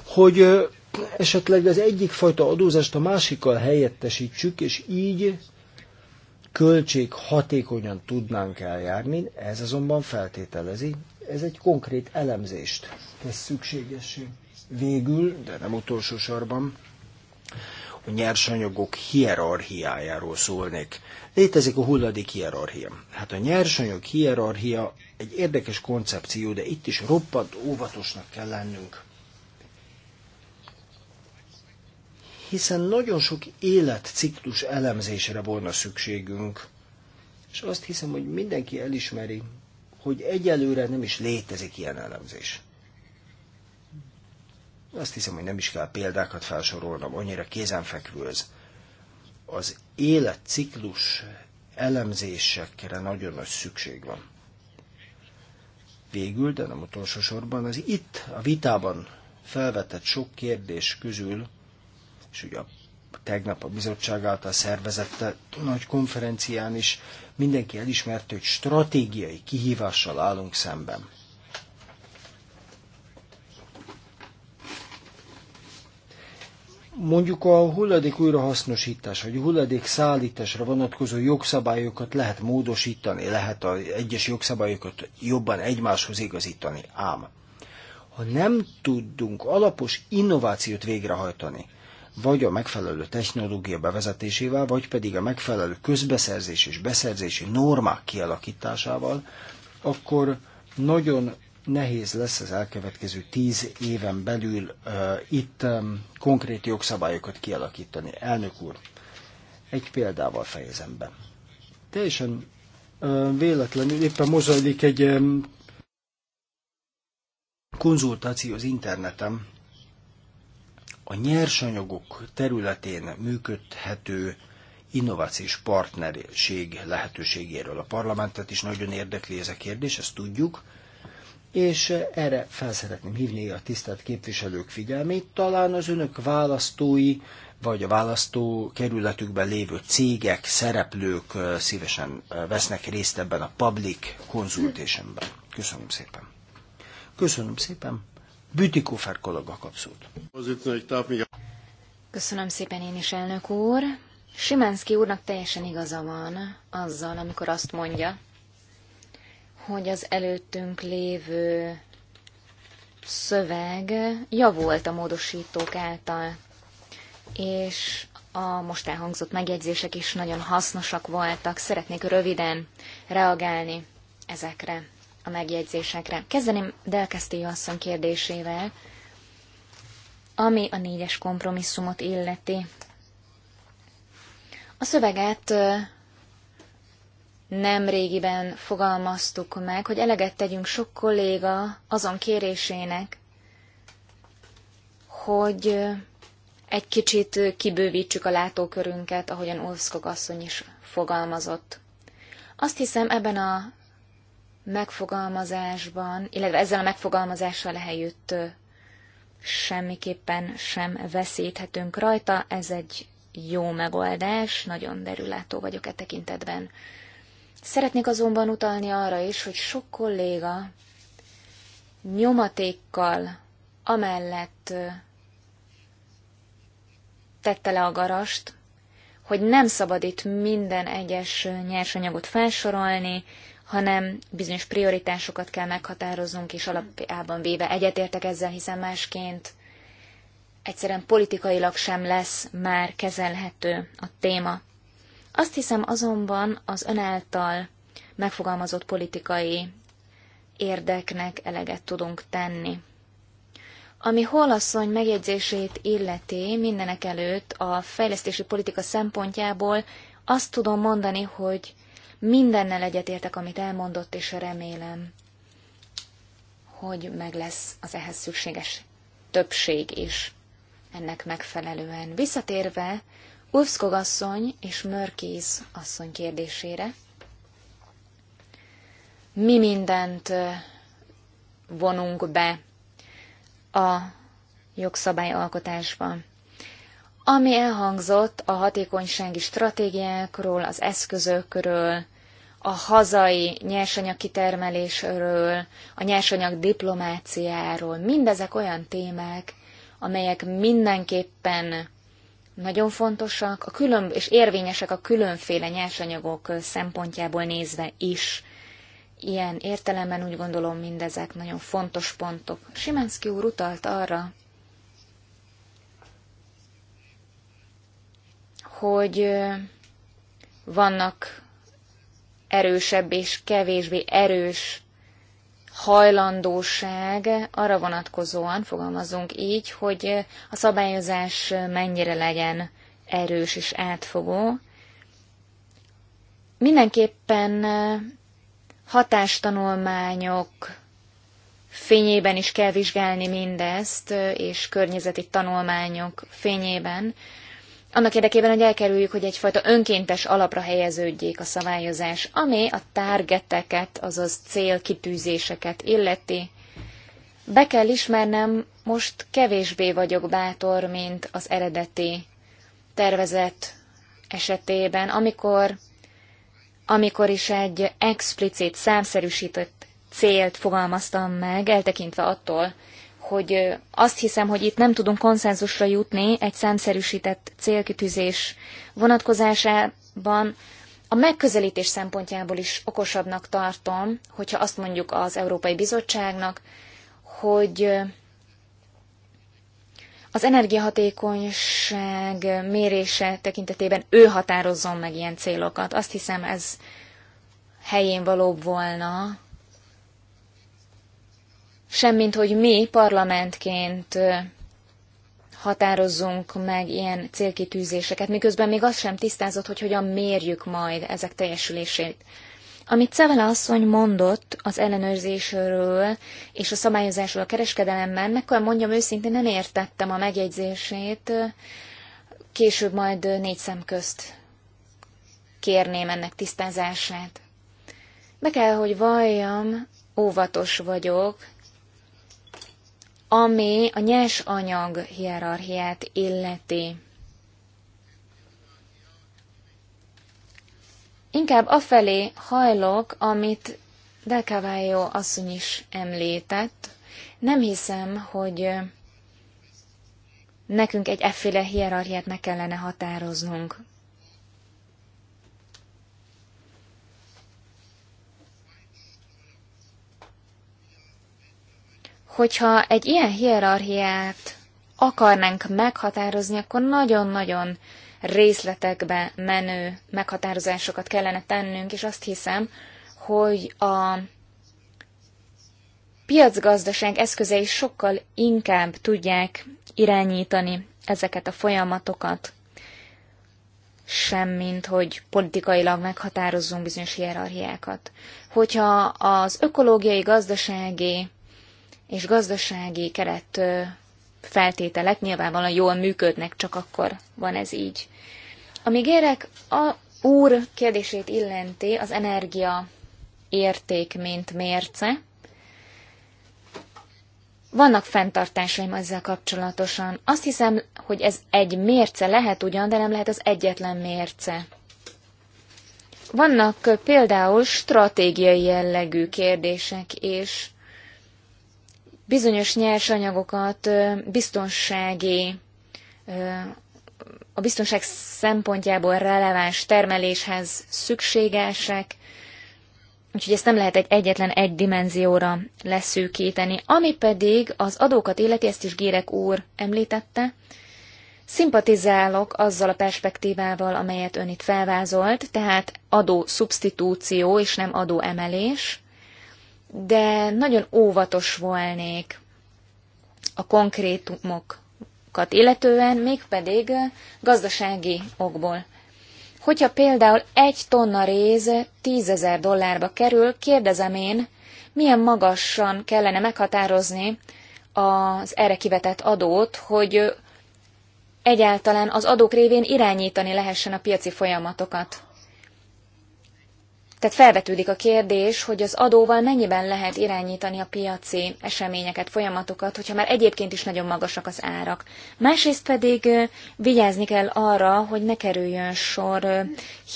hogy esetleg az egyik fajta adózást a másikkal helyettesítsük, és így költség hatékonyan tudnánk eljárni, ez azonban feltételezi, ez egy konkrét elemzést tesz szükségessé. Végül, de nem utolsó sorban, a nyersanyagok hierarchiájáról szólnék. Létezik a hulladék hierarchia. Hát a nyersanyag hierarchia egy érdekes koncepció, de itt is roppant óvatosnak kell lennünk. Hiszen nagyon sok életciklus elemzésre volna szükségünk, és azt hiszem, hogy mindenki elismeri, hogy egyelőre nem is létezik ilyen elemzés. Azt hiszem, hogy nem is kell példákat felsorolnom, annyira kézenfekvő ez. Az életciklus elemzésekre nagyon nagy szükség van. Végül, de nem utolsó sorban, az itt a vitában felvetett sok kérdés közül, és ugye a tegnap a bizottság által szervezett nagy konferencián is mindenki elismerte, hogy stratégiai kihívással állunk szemben. Mondjuk a hulladék újrahasznosítás, vagy hulladék szállításra vonatkozó jogszabályokat lehet módosítani, lehet az egyes jogszabályokat jobban egymáshoz igazítani. Ám, ha nem tudunk alapos innovációt végrehajtani, vagy a megfelelő technológia bevezetésével, vagy pedig a megfelelő közbeszerzés és beszerzési normák kialakításával, akkor nagyon nehéz lesz az elkövetkező tíz éven belül uh, itt um, konkrét jogszabályokat kialakítani. Elnök úr, egy példával fejezem be. Teljesen uh, véletlenül éppen mozajlik egy um, konzultáció az interneten a nyersanyagok területén működhető innovációs partnerség lehetőségéről. A parlamentet is nagyon érdekli ez a kérdés, ezt tudjuk, és erre fel szeretném hívni a tisztelt képviselők figyelmét, talán az önök választói, vagy a választó kerületükben lévő cégek, szereplők szívesen vesznek részt ebben a public consultationben. Köszönöm szépen. Köszönöm szépen. Bütikofer kollega kapszót. Köszönöm szépen én is, elnök úr. Simánszki úrnak teljesen igaza van azzal, amikor azt mondja, hogy az előttünk lévő szöveg javult a módosítók által, és a most elhangzott megjegyzések is nagyon hasznosak voltak. Szeretnék röviden reagálni ezekre a megjegyzésekre. Kezdeném Delkesztély asszony kérdésével, ami a négyes kompromisszumot illeti. A szöveget nem régiben fogalmaztuk meg, hogy eleget tegyünk sok kolléga azon kérésének, hogy egy kicsit kibővítsük a látókörünket, ahogyan Ulfskog asszony is fogalmazott. Azt hiszem, ebben a megfogalmazásban, illetve ezzel a megfogalmazással helyütt semmiképpen sem veszíthetünk rajta. Ez egy jó megoldás, nagyon derülátó vagyok e tekintetben. Szeretnék azonban utalni arra is, hogy sok kolléga nyomatékkal amellett tette le a garast, hogy nem szabad itt minden egyes nyersanyagot felsorolni, hanem bizonyos prioritásokat kell meghatároznunk, és alapjában véve egyetértek ezzel, hiszen másként egyszerűen politikailag sem lesz már kezelhető a téma. Azt hiszem azonban az ön által megfogalmazott politikai érdeknek eleget tudunk tenni. Ami Holasszony megjegyzését illeti mindenek előtt a fejlesztési politika szempontjából, azt tudom mondani, hogy mindennel egyetértek, amit elmondott, és remélem, hogy meg lesz az ehhez szükséges többség is ennek megfelelően. Visszatérve Ulfskog asszony és Mörkész asszony kérdésére. Mi mindent vonunk be a jogszabályalkotásba? Ami elhangzott a hatékonysági stratégiákról, az eszközökről, a hazai nyersanyag kitermelésről, a nyersanyag diplomáciáról, mindezek olyan témák, amelyek mindenképpen nagyon fontosak, a külön, és érvényesek a különféle nyersanyagok szempontjából nézve is. Ilyen értelemben úgy gondolom mindezek nagyon fontos pontok. Simenszki úr utalt arra, hogy vannak erősebb és kevésbé erős hajlandóság arra vonatkozóan, fogalmazunk így, hogy a szabályozás mennyire legyen erős és átfogó. Mindenképpen hatástanulmányok fényében is kell vizsgálni mindezt, és környezeti tanulmányok fényében, annak érdekében, hogy elkerüljük, hogy egyfajta önkéntes alapra helyeződjék a szabályozás, ami a targeteket, azaz célkitűzéseket illeti. Be kell ismernem, most kevésbé vagyok bátor, mint az eredeti tervezet esetében, amikor, amikor is egy explicit, számszerűsített célt fogalmaztam meg, eltekintve attól, hogy azt hiszem, hogy itt nem tudunk konszenzusra jutni egy számszerűsített célkitűzés vonatkozásában. A megközelítés szempontjából is okosabbnak tartom, hogyha azt mondjuk az Európai Bizottságnak, hogy az energiahatékonyság mérése tekintetében ő határozzon meg ilyen célokat. Azt hiszem, ez helyén valóbb volna, semmint hogy mi parlamentként határozzunk meg ilyen célkitűzéseket, miközben még az sem tisztázott, hogy hogyan mérjük majd ezek teljesülését. Amit Cevele asszony mondott az ellenőrzésről és a szabályozásról a kereskedelemben, meg kell mondjam őszintén, nem értettem a megjegyzését, később majd négy szem közt kérném ennek tisztázását. Be kell, hogy valljam, óvatos vagyok, ami a nyers anyag hierarchiát illeti. Inkább afelé hajlok, amit Del Cavallo asszony is említett. Nem hiszem, hogy nekünk egy efféle hierarchiát meg kellene határoznunk. Hogyha egy ilyen hierarchiát akarnánk meghatározni, akkor nagyon-nagyon részletekbe menő meghatározásokat kellene tennünk, és azt hiszem, hogy a piacgazdaság eszközei sokkal inkább tudják irányítani ezeket a folyamatokat, semmint, hogy politikailag meghatározzunk bizonyos hierarchiákat. Hogyha az ökológiai, gazdasági és gazdasági keret feltételek nyilvánvalóan jól működnek, csak akkor van ez így. Amíg érek, a úr kérdését illenti az energia érték, mint mérce. Vannak fenntartásaim ezzel kapcsolatosan. Azt hiszem, hogy ez egy mérce lehet ugyan, de nem lehet az egyetlen mérce. Vannak például stratégiai jellegű kérdések és bizonyos nyersanyagokat biztonsági, a biztonság szempontjából releváns termeléshez szükségesek, úgyhogy ezt nem lehet egy egyetlen egy dimenzióra leszűkíteni. Ami pedig az adókat illeti, ezt is Gérek úr említette, szimpatizálok azzal a perspektívával, amelyet ön itt felvázolt, tehát adó szubstitúció és nem adó emelés de nagyon óvatos volnék a konkrétumokat illetően, mégpedig gazdasági okból. Hogyha például egy tonna réz tízezer dollárba kerül, kérdezem én, milyen magasan kellene meghatározni az erre kivetett adót, hogy egyáltalán az adók révén irányítani lehessen a piaci folyamatokat. Tehát felvetődik a kérdés, hogy az adóval mennyiben lehet irányítani a piaci eseményeket, folyamatokat, hogyha már egyébként is nagyon magasak az árak. Másrészt pedig vigyázni kell arra, hogy ne kerüljön sor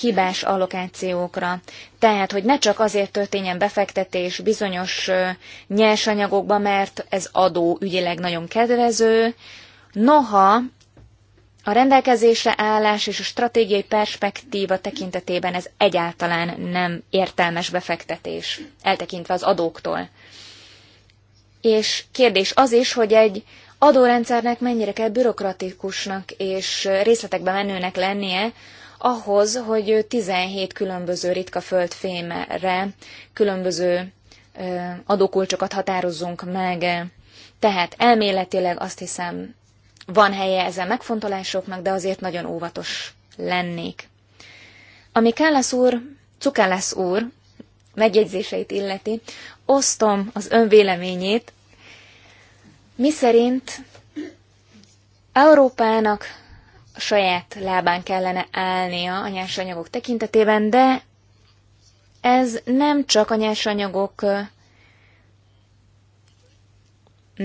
hibás allokációkra. Tehát, hogy ne csak azért történjen befektetés bizonyos nyersanyagokba, mert ez adó ügyileg nagyon kedvező, noha a rendelkezésre állás és a stratégiai perspektíva tekintetében ez egyáltalán nem értelmes befektetés, eltekintve az adóktól. És kérdés az is, hogy egy adórendszernek mennyire kell bürokratikusnak és részletekbe menőnek lennie, ahhoz, hogy 17 különböző ritka földfémre különböző adókulcsokat határozzunk meg. Tehát elméletileg azt hiszem, van helye ezen megfontolásoknak, de azért nagyon óvatos lennék. Ami Kállász úr, Cukálász úr megjegyzéseit illeti, osztom az ön véleményét, miszerint Európának saját lábán kellene állnia a nyersanyagok tekintetében, de ez nem csak a nyersanyagok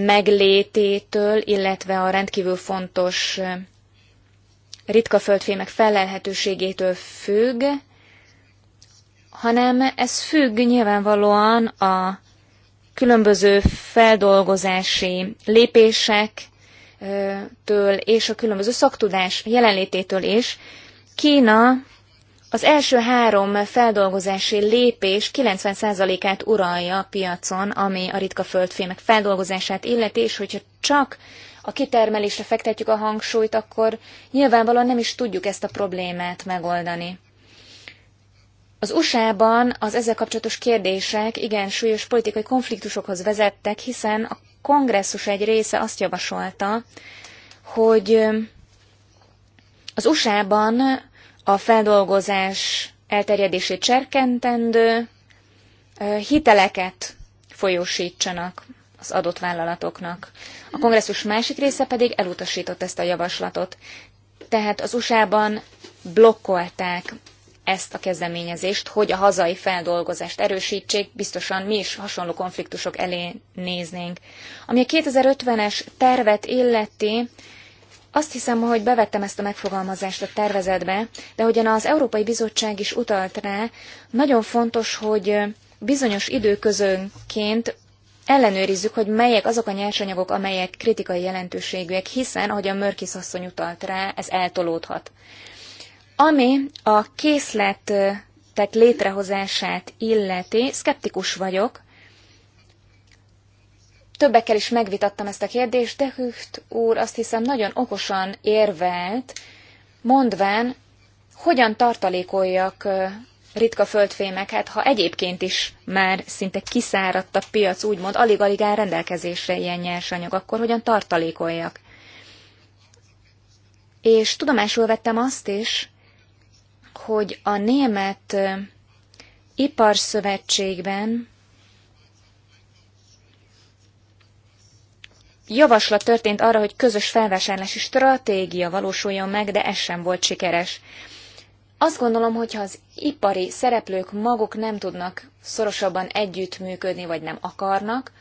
meglététől, illetve a rendkívül fontos ritka földfémek felelhetőségétől függ, hanem ez függ nyilvánvalóan a különböző feldolgozási lépésektől és a különböző szaktudás jelenlététől is. Kína az első három feldolgozási lépés 90%-át uralja a piacon, ami a ritka földfémek feldolgozását illeti, és hogyha csak a kitermelésre fektetjük a hangsúlyt, akkor nyilvánvalóan nem is tudjuk ezt a problémát megoldani. Az USA-ban az ezzel kapcsolatos kérdések igen súlyos politikai konfliktusokhoz vezettek, hiszen a kongresszus egy része azt javasolta, hogy az USA-ban a feldolgozás elterjedését serkentendő, hiteleket folyósítsanak az adott vállalatoknak. A kongresszus másik része pedig elutasított ezt a javaslatot. Tehát az USA-ban blokkolták ezt a kezdeményezést, hogy a hazai feldolgozást erősítsék, biztosan mi is hasonló konfliktusok elé néznénk. Ami a 2050-es tervet illeti, azt hiszem, hogy bevettem ezt a megfogalmazást a tervezetbe, de hogyan az Európai Bizottság is utalt rá, nagyon fontos, hogy bizonyos időközönként ellenőrizzük, hogy melyek azok a nyersanyagok, amelyek kritikai jelentőségűek, hiszen, ahogy a Mörkis asszony utalt rá, ez eltolódhat. Ami a készletek létrehozását illeti, szkeptikus vagyok, többekkel is megvitattam ezt a kérdést, de Hücht úr azt hiszem nagyon okosan érvelt, mondván, hogyan tartalékoljak ritka földfémeket, ha egyébként is már szinte kiszáradt a piac, úgymond alig-alig áll rendelkezésre ilyen nyersanyag, akkor hogyan tartalékoljak. És tudomásul vettem azt is, hogy a német iparszövetségben javaslat történt arra, hogy közös felvásárlási stratégia valósuljon meg, de ez sem volt sikeres. Azt gondolom, hogy ha az ipari szereplők maguk nem tudnak szorosabban együttműködni, vagy nem akarnak,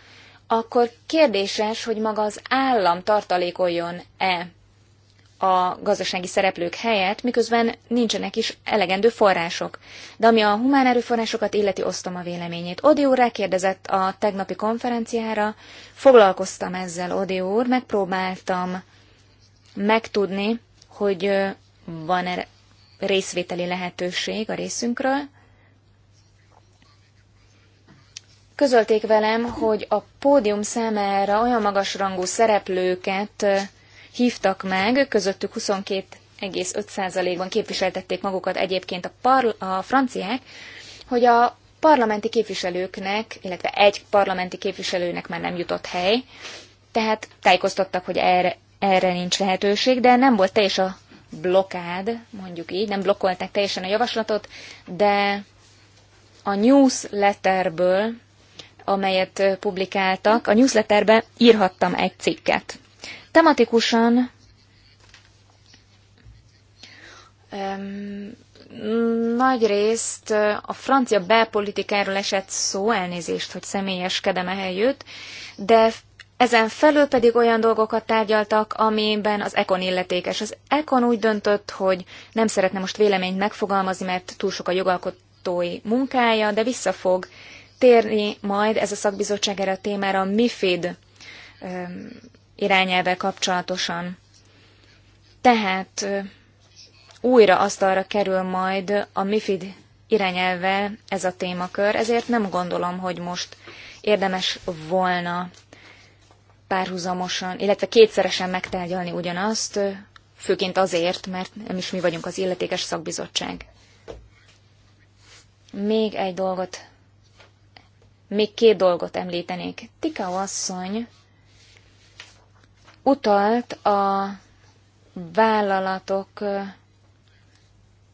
akkor kérdéses, hogy maga az állam tartalékoljon-e a gazdasági szereplők helyett, miközben nincsenek is elegendő források. De ami a humán erőforrásokat illeti, osztom a véleményét. Odió rákérdezett a tegnapi konferenciára, foglalkoztam ezzel Odió úr, megpróbáltam megtudni, hogy van-e részvételi lehetőség a részünkről. Közölték velem, hogy a pódium számára olyan magasrangú szereplőket hívtak meg, közöttük 22,5%-ban képviseltették magukat egyébként a, parl- a franciák, hogy a parlamenti képviselőknek, illetve egy parlamenti képviselőnek már nem jutott hely, tehát tájékoztattak, hogy erre, erre nincs lehetőség, de nem volt teljes a blokád, mondjuk így, nem blokkolták teljesen a javaslatot, de a newsletterből, amelyet publikáltak, a newsletterbe írhattam egy cikket. Tematikusan um, nagy részt a francia belpolitikáról esett szó, elnézést, hogy személyeskedem ehelyütt, de ezen felül pedig olyan dolgokat tárgyaltak, amiben az Ekon illetékes. Az Ekon úgy döntött, hogy nem szeretne most véleményt megfogalmazni, mert túl sok a jogalkotói munkája, de vissza fog térni majd ez a szakbizottság erre a témára a MIFID irányelve kapcsolatosan. Tehát újra asztalra kerül majd a MIFID irányelve ez a témakör, ezért nem gondolom, hogy most érdemes volna párhuzamosan, illetve kétszeresen megtárgyalni ugyanazt, főként azért, mert nem is mi vagyunk az illetékes szakbizottság. Még egy dolgot, még két dolgot említenék. Tika asszony utalt a vállalatok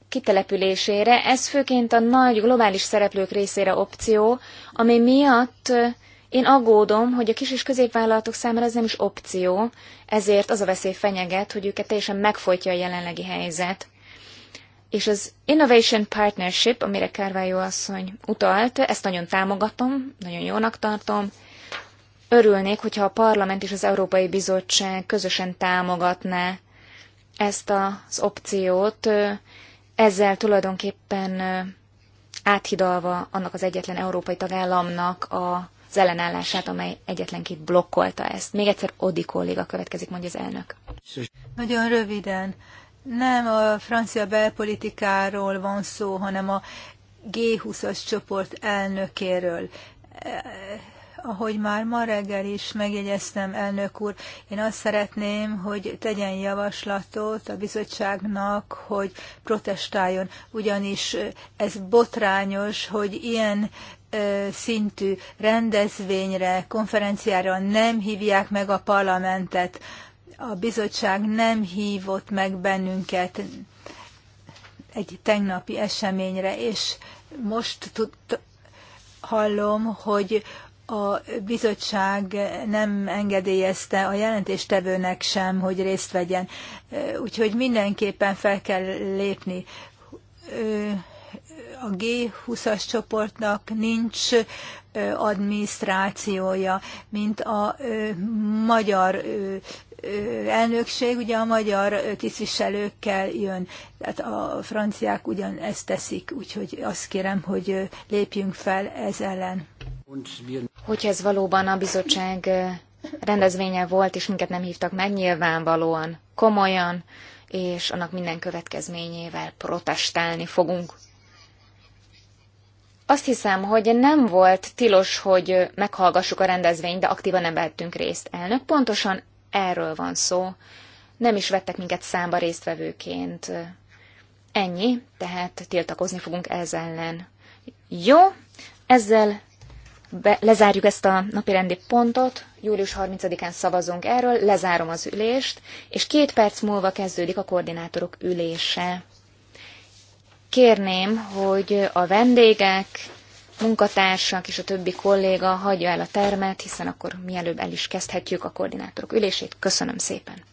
kitelepülésére. Ez főként a nagy globális szereplők részére opció, ami miatt én aggódom, hogy a kis és középvállalatok számára ez nem is opció, ezért az a veszély fenyeget, hogy őket teljesen megfojtja a jelenlegi helyzet. És az Innovation Partnership, amire Kárvályó asszony utalt, ezt nagyon támogatom, nagyon jónak tartom, Örülnék, hogyha a Parlament és az Európai Bizottság közösen támogatná ezt az opciót, ezzel tulajdonképpen áthidalva annak az egyetlen európai tagállamnak az ellenállását, amely egyetlenként blokkolta ezt. Még egyszer Odi kolléga következik, mondja az elnök. Nagyon röviden. Nem a francia belpolitikáról van szó, hanem a G20-as csoport elnökéről ahogy már ma reggel is megjegyeztem, elnök úr, én azt szeretném, hogy tegyen javaslatot a bizottságnak, hogy protestáljon, ugyanis ez botrányos, hogy ilyen szintű rendezvényre, konferenciára nem hívják meg a parlamentet. A bizottság nem hívott meg bennünket egy tegnapi eseményre, és most hallom, hogy a bizottság nem engedélyezte a jelentéstevőnek sem, hogy részt vegyen. Úgyhogy mindenképpen fel kell lépni. A G20-as csoportnak nincs adminisztrációja, mint a magyar elnökség, ugye a magyar tisztviselőkkel jön, tehát a franciák ugyan ezt teszik, úgyhogy azt kérem, hogy lépjünk fel ez ellen. Hogyha ez valóban a bizottság rendezvénye volt, és minket nem hívtak meg, nyilvánvalóan komolyan, és annak minden következményével protestálni fogunk. Azt hiszem, hogy nem volt tilos, hogy meghallgassuk a rendezvényt, de aktívan nem vettünk részt. Elnök, pontosan erről van szó. Nem is vettek minket számba résztvevőként. Ennyi, tehát tiltakozni fogunk ez ellen. Jó, ezzel be, lezárjuk ezt a napirendi pontot, július 30-án szavazunk erről, lezárom az ülést, és két perc múlva kezdődik a koordinátorok ülése. Kérném, hogy a vendégek, munkatársak és a többi kolléga hagyja el a termet, hiszen akkor mielőbb el is kezdhetjük a koordinátorok ülését. Köszönöm szépen!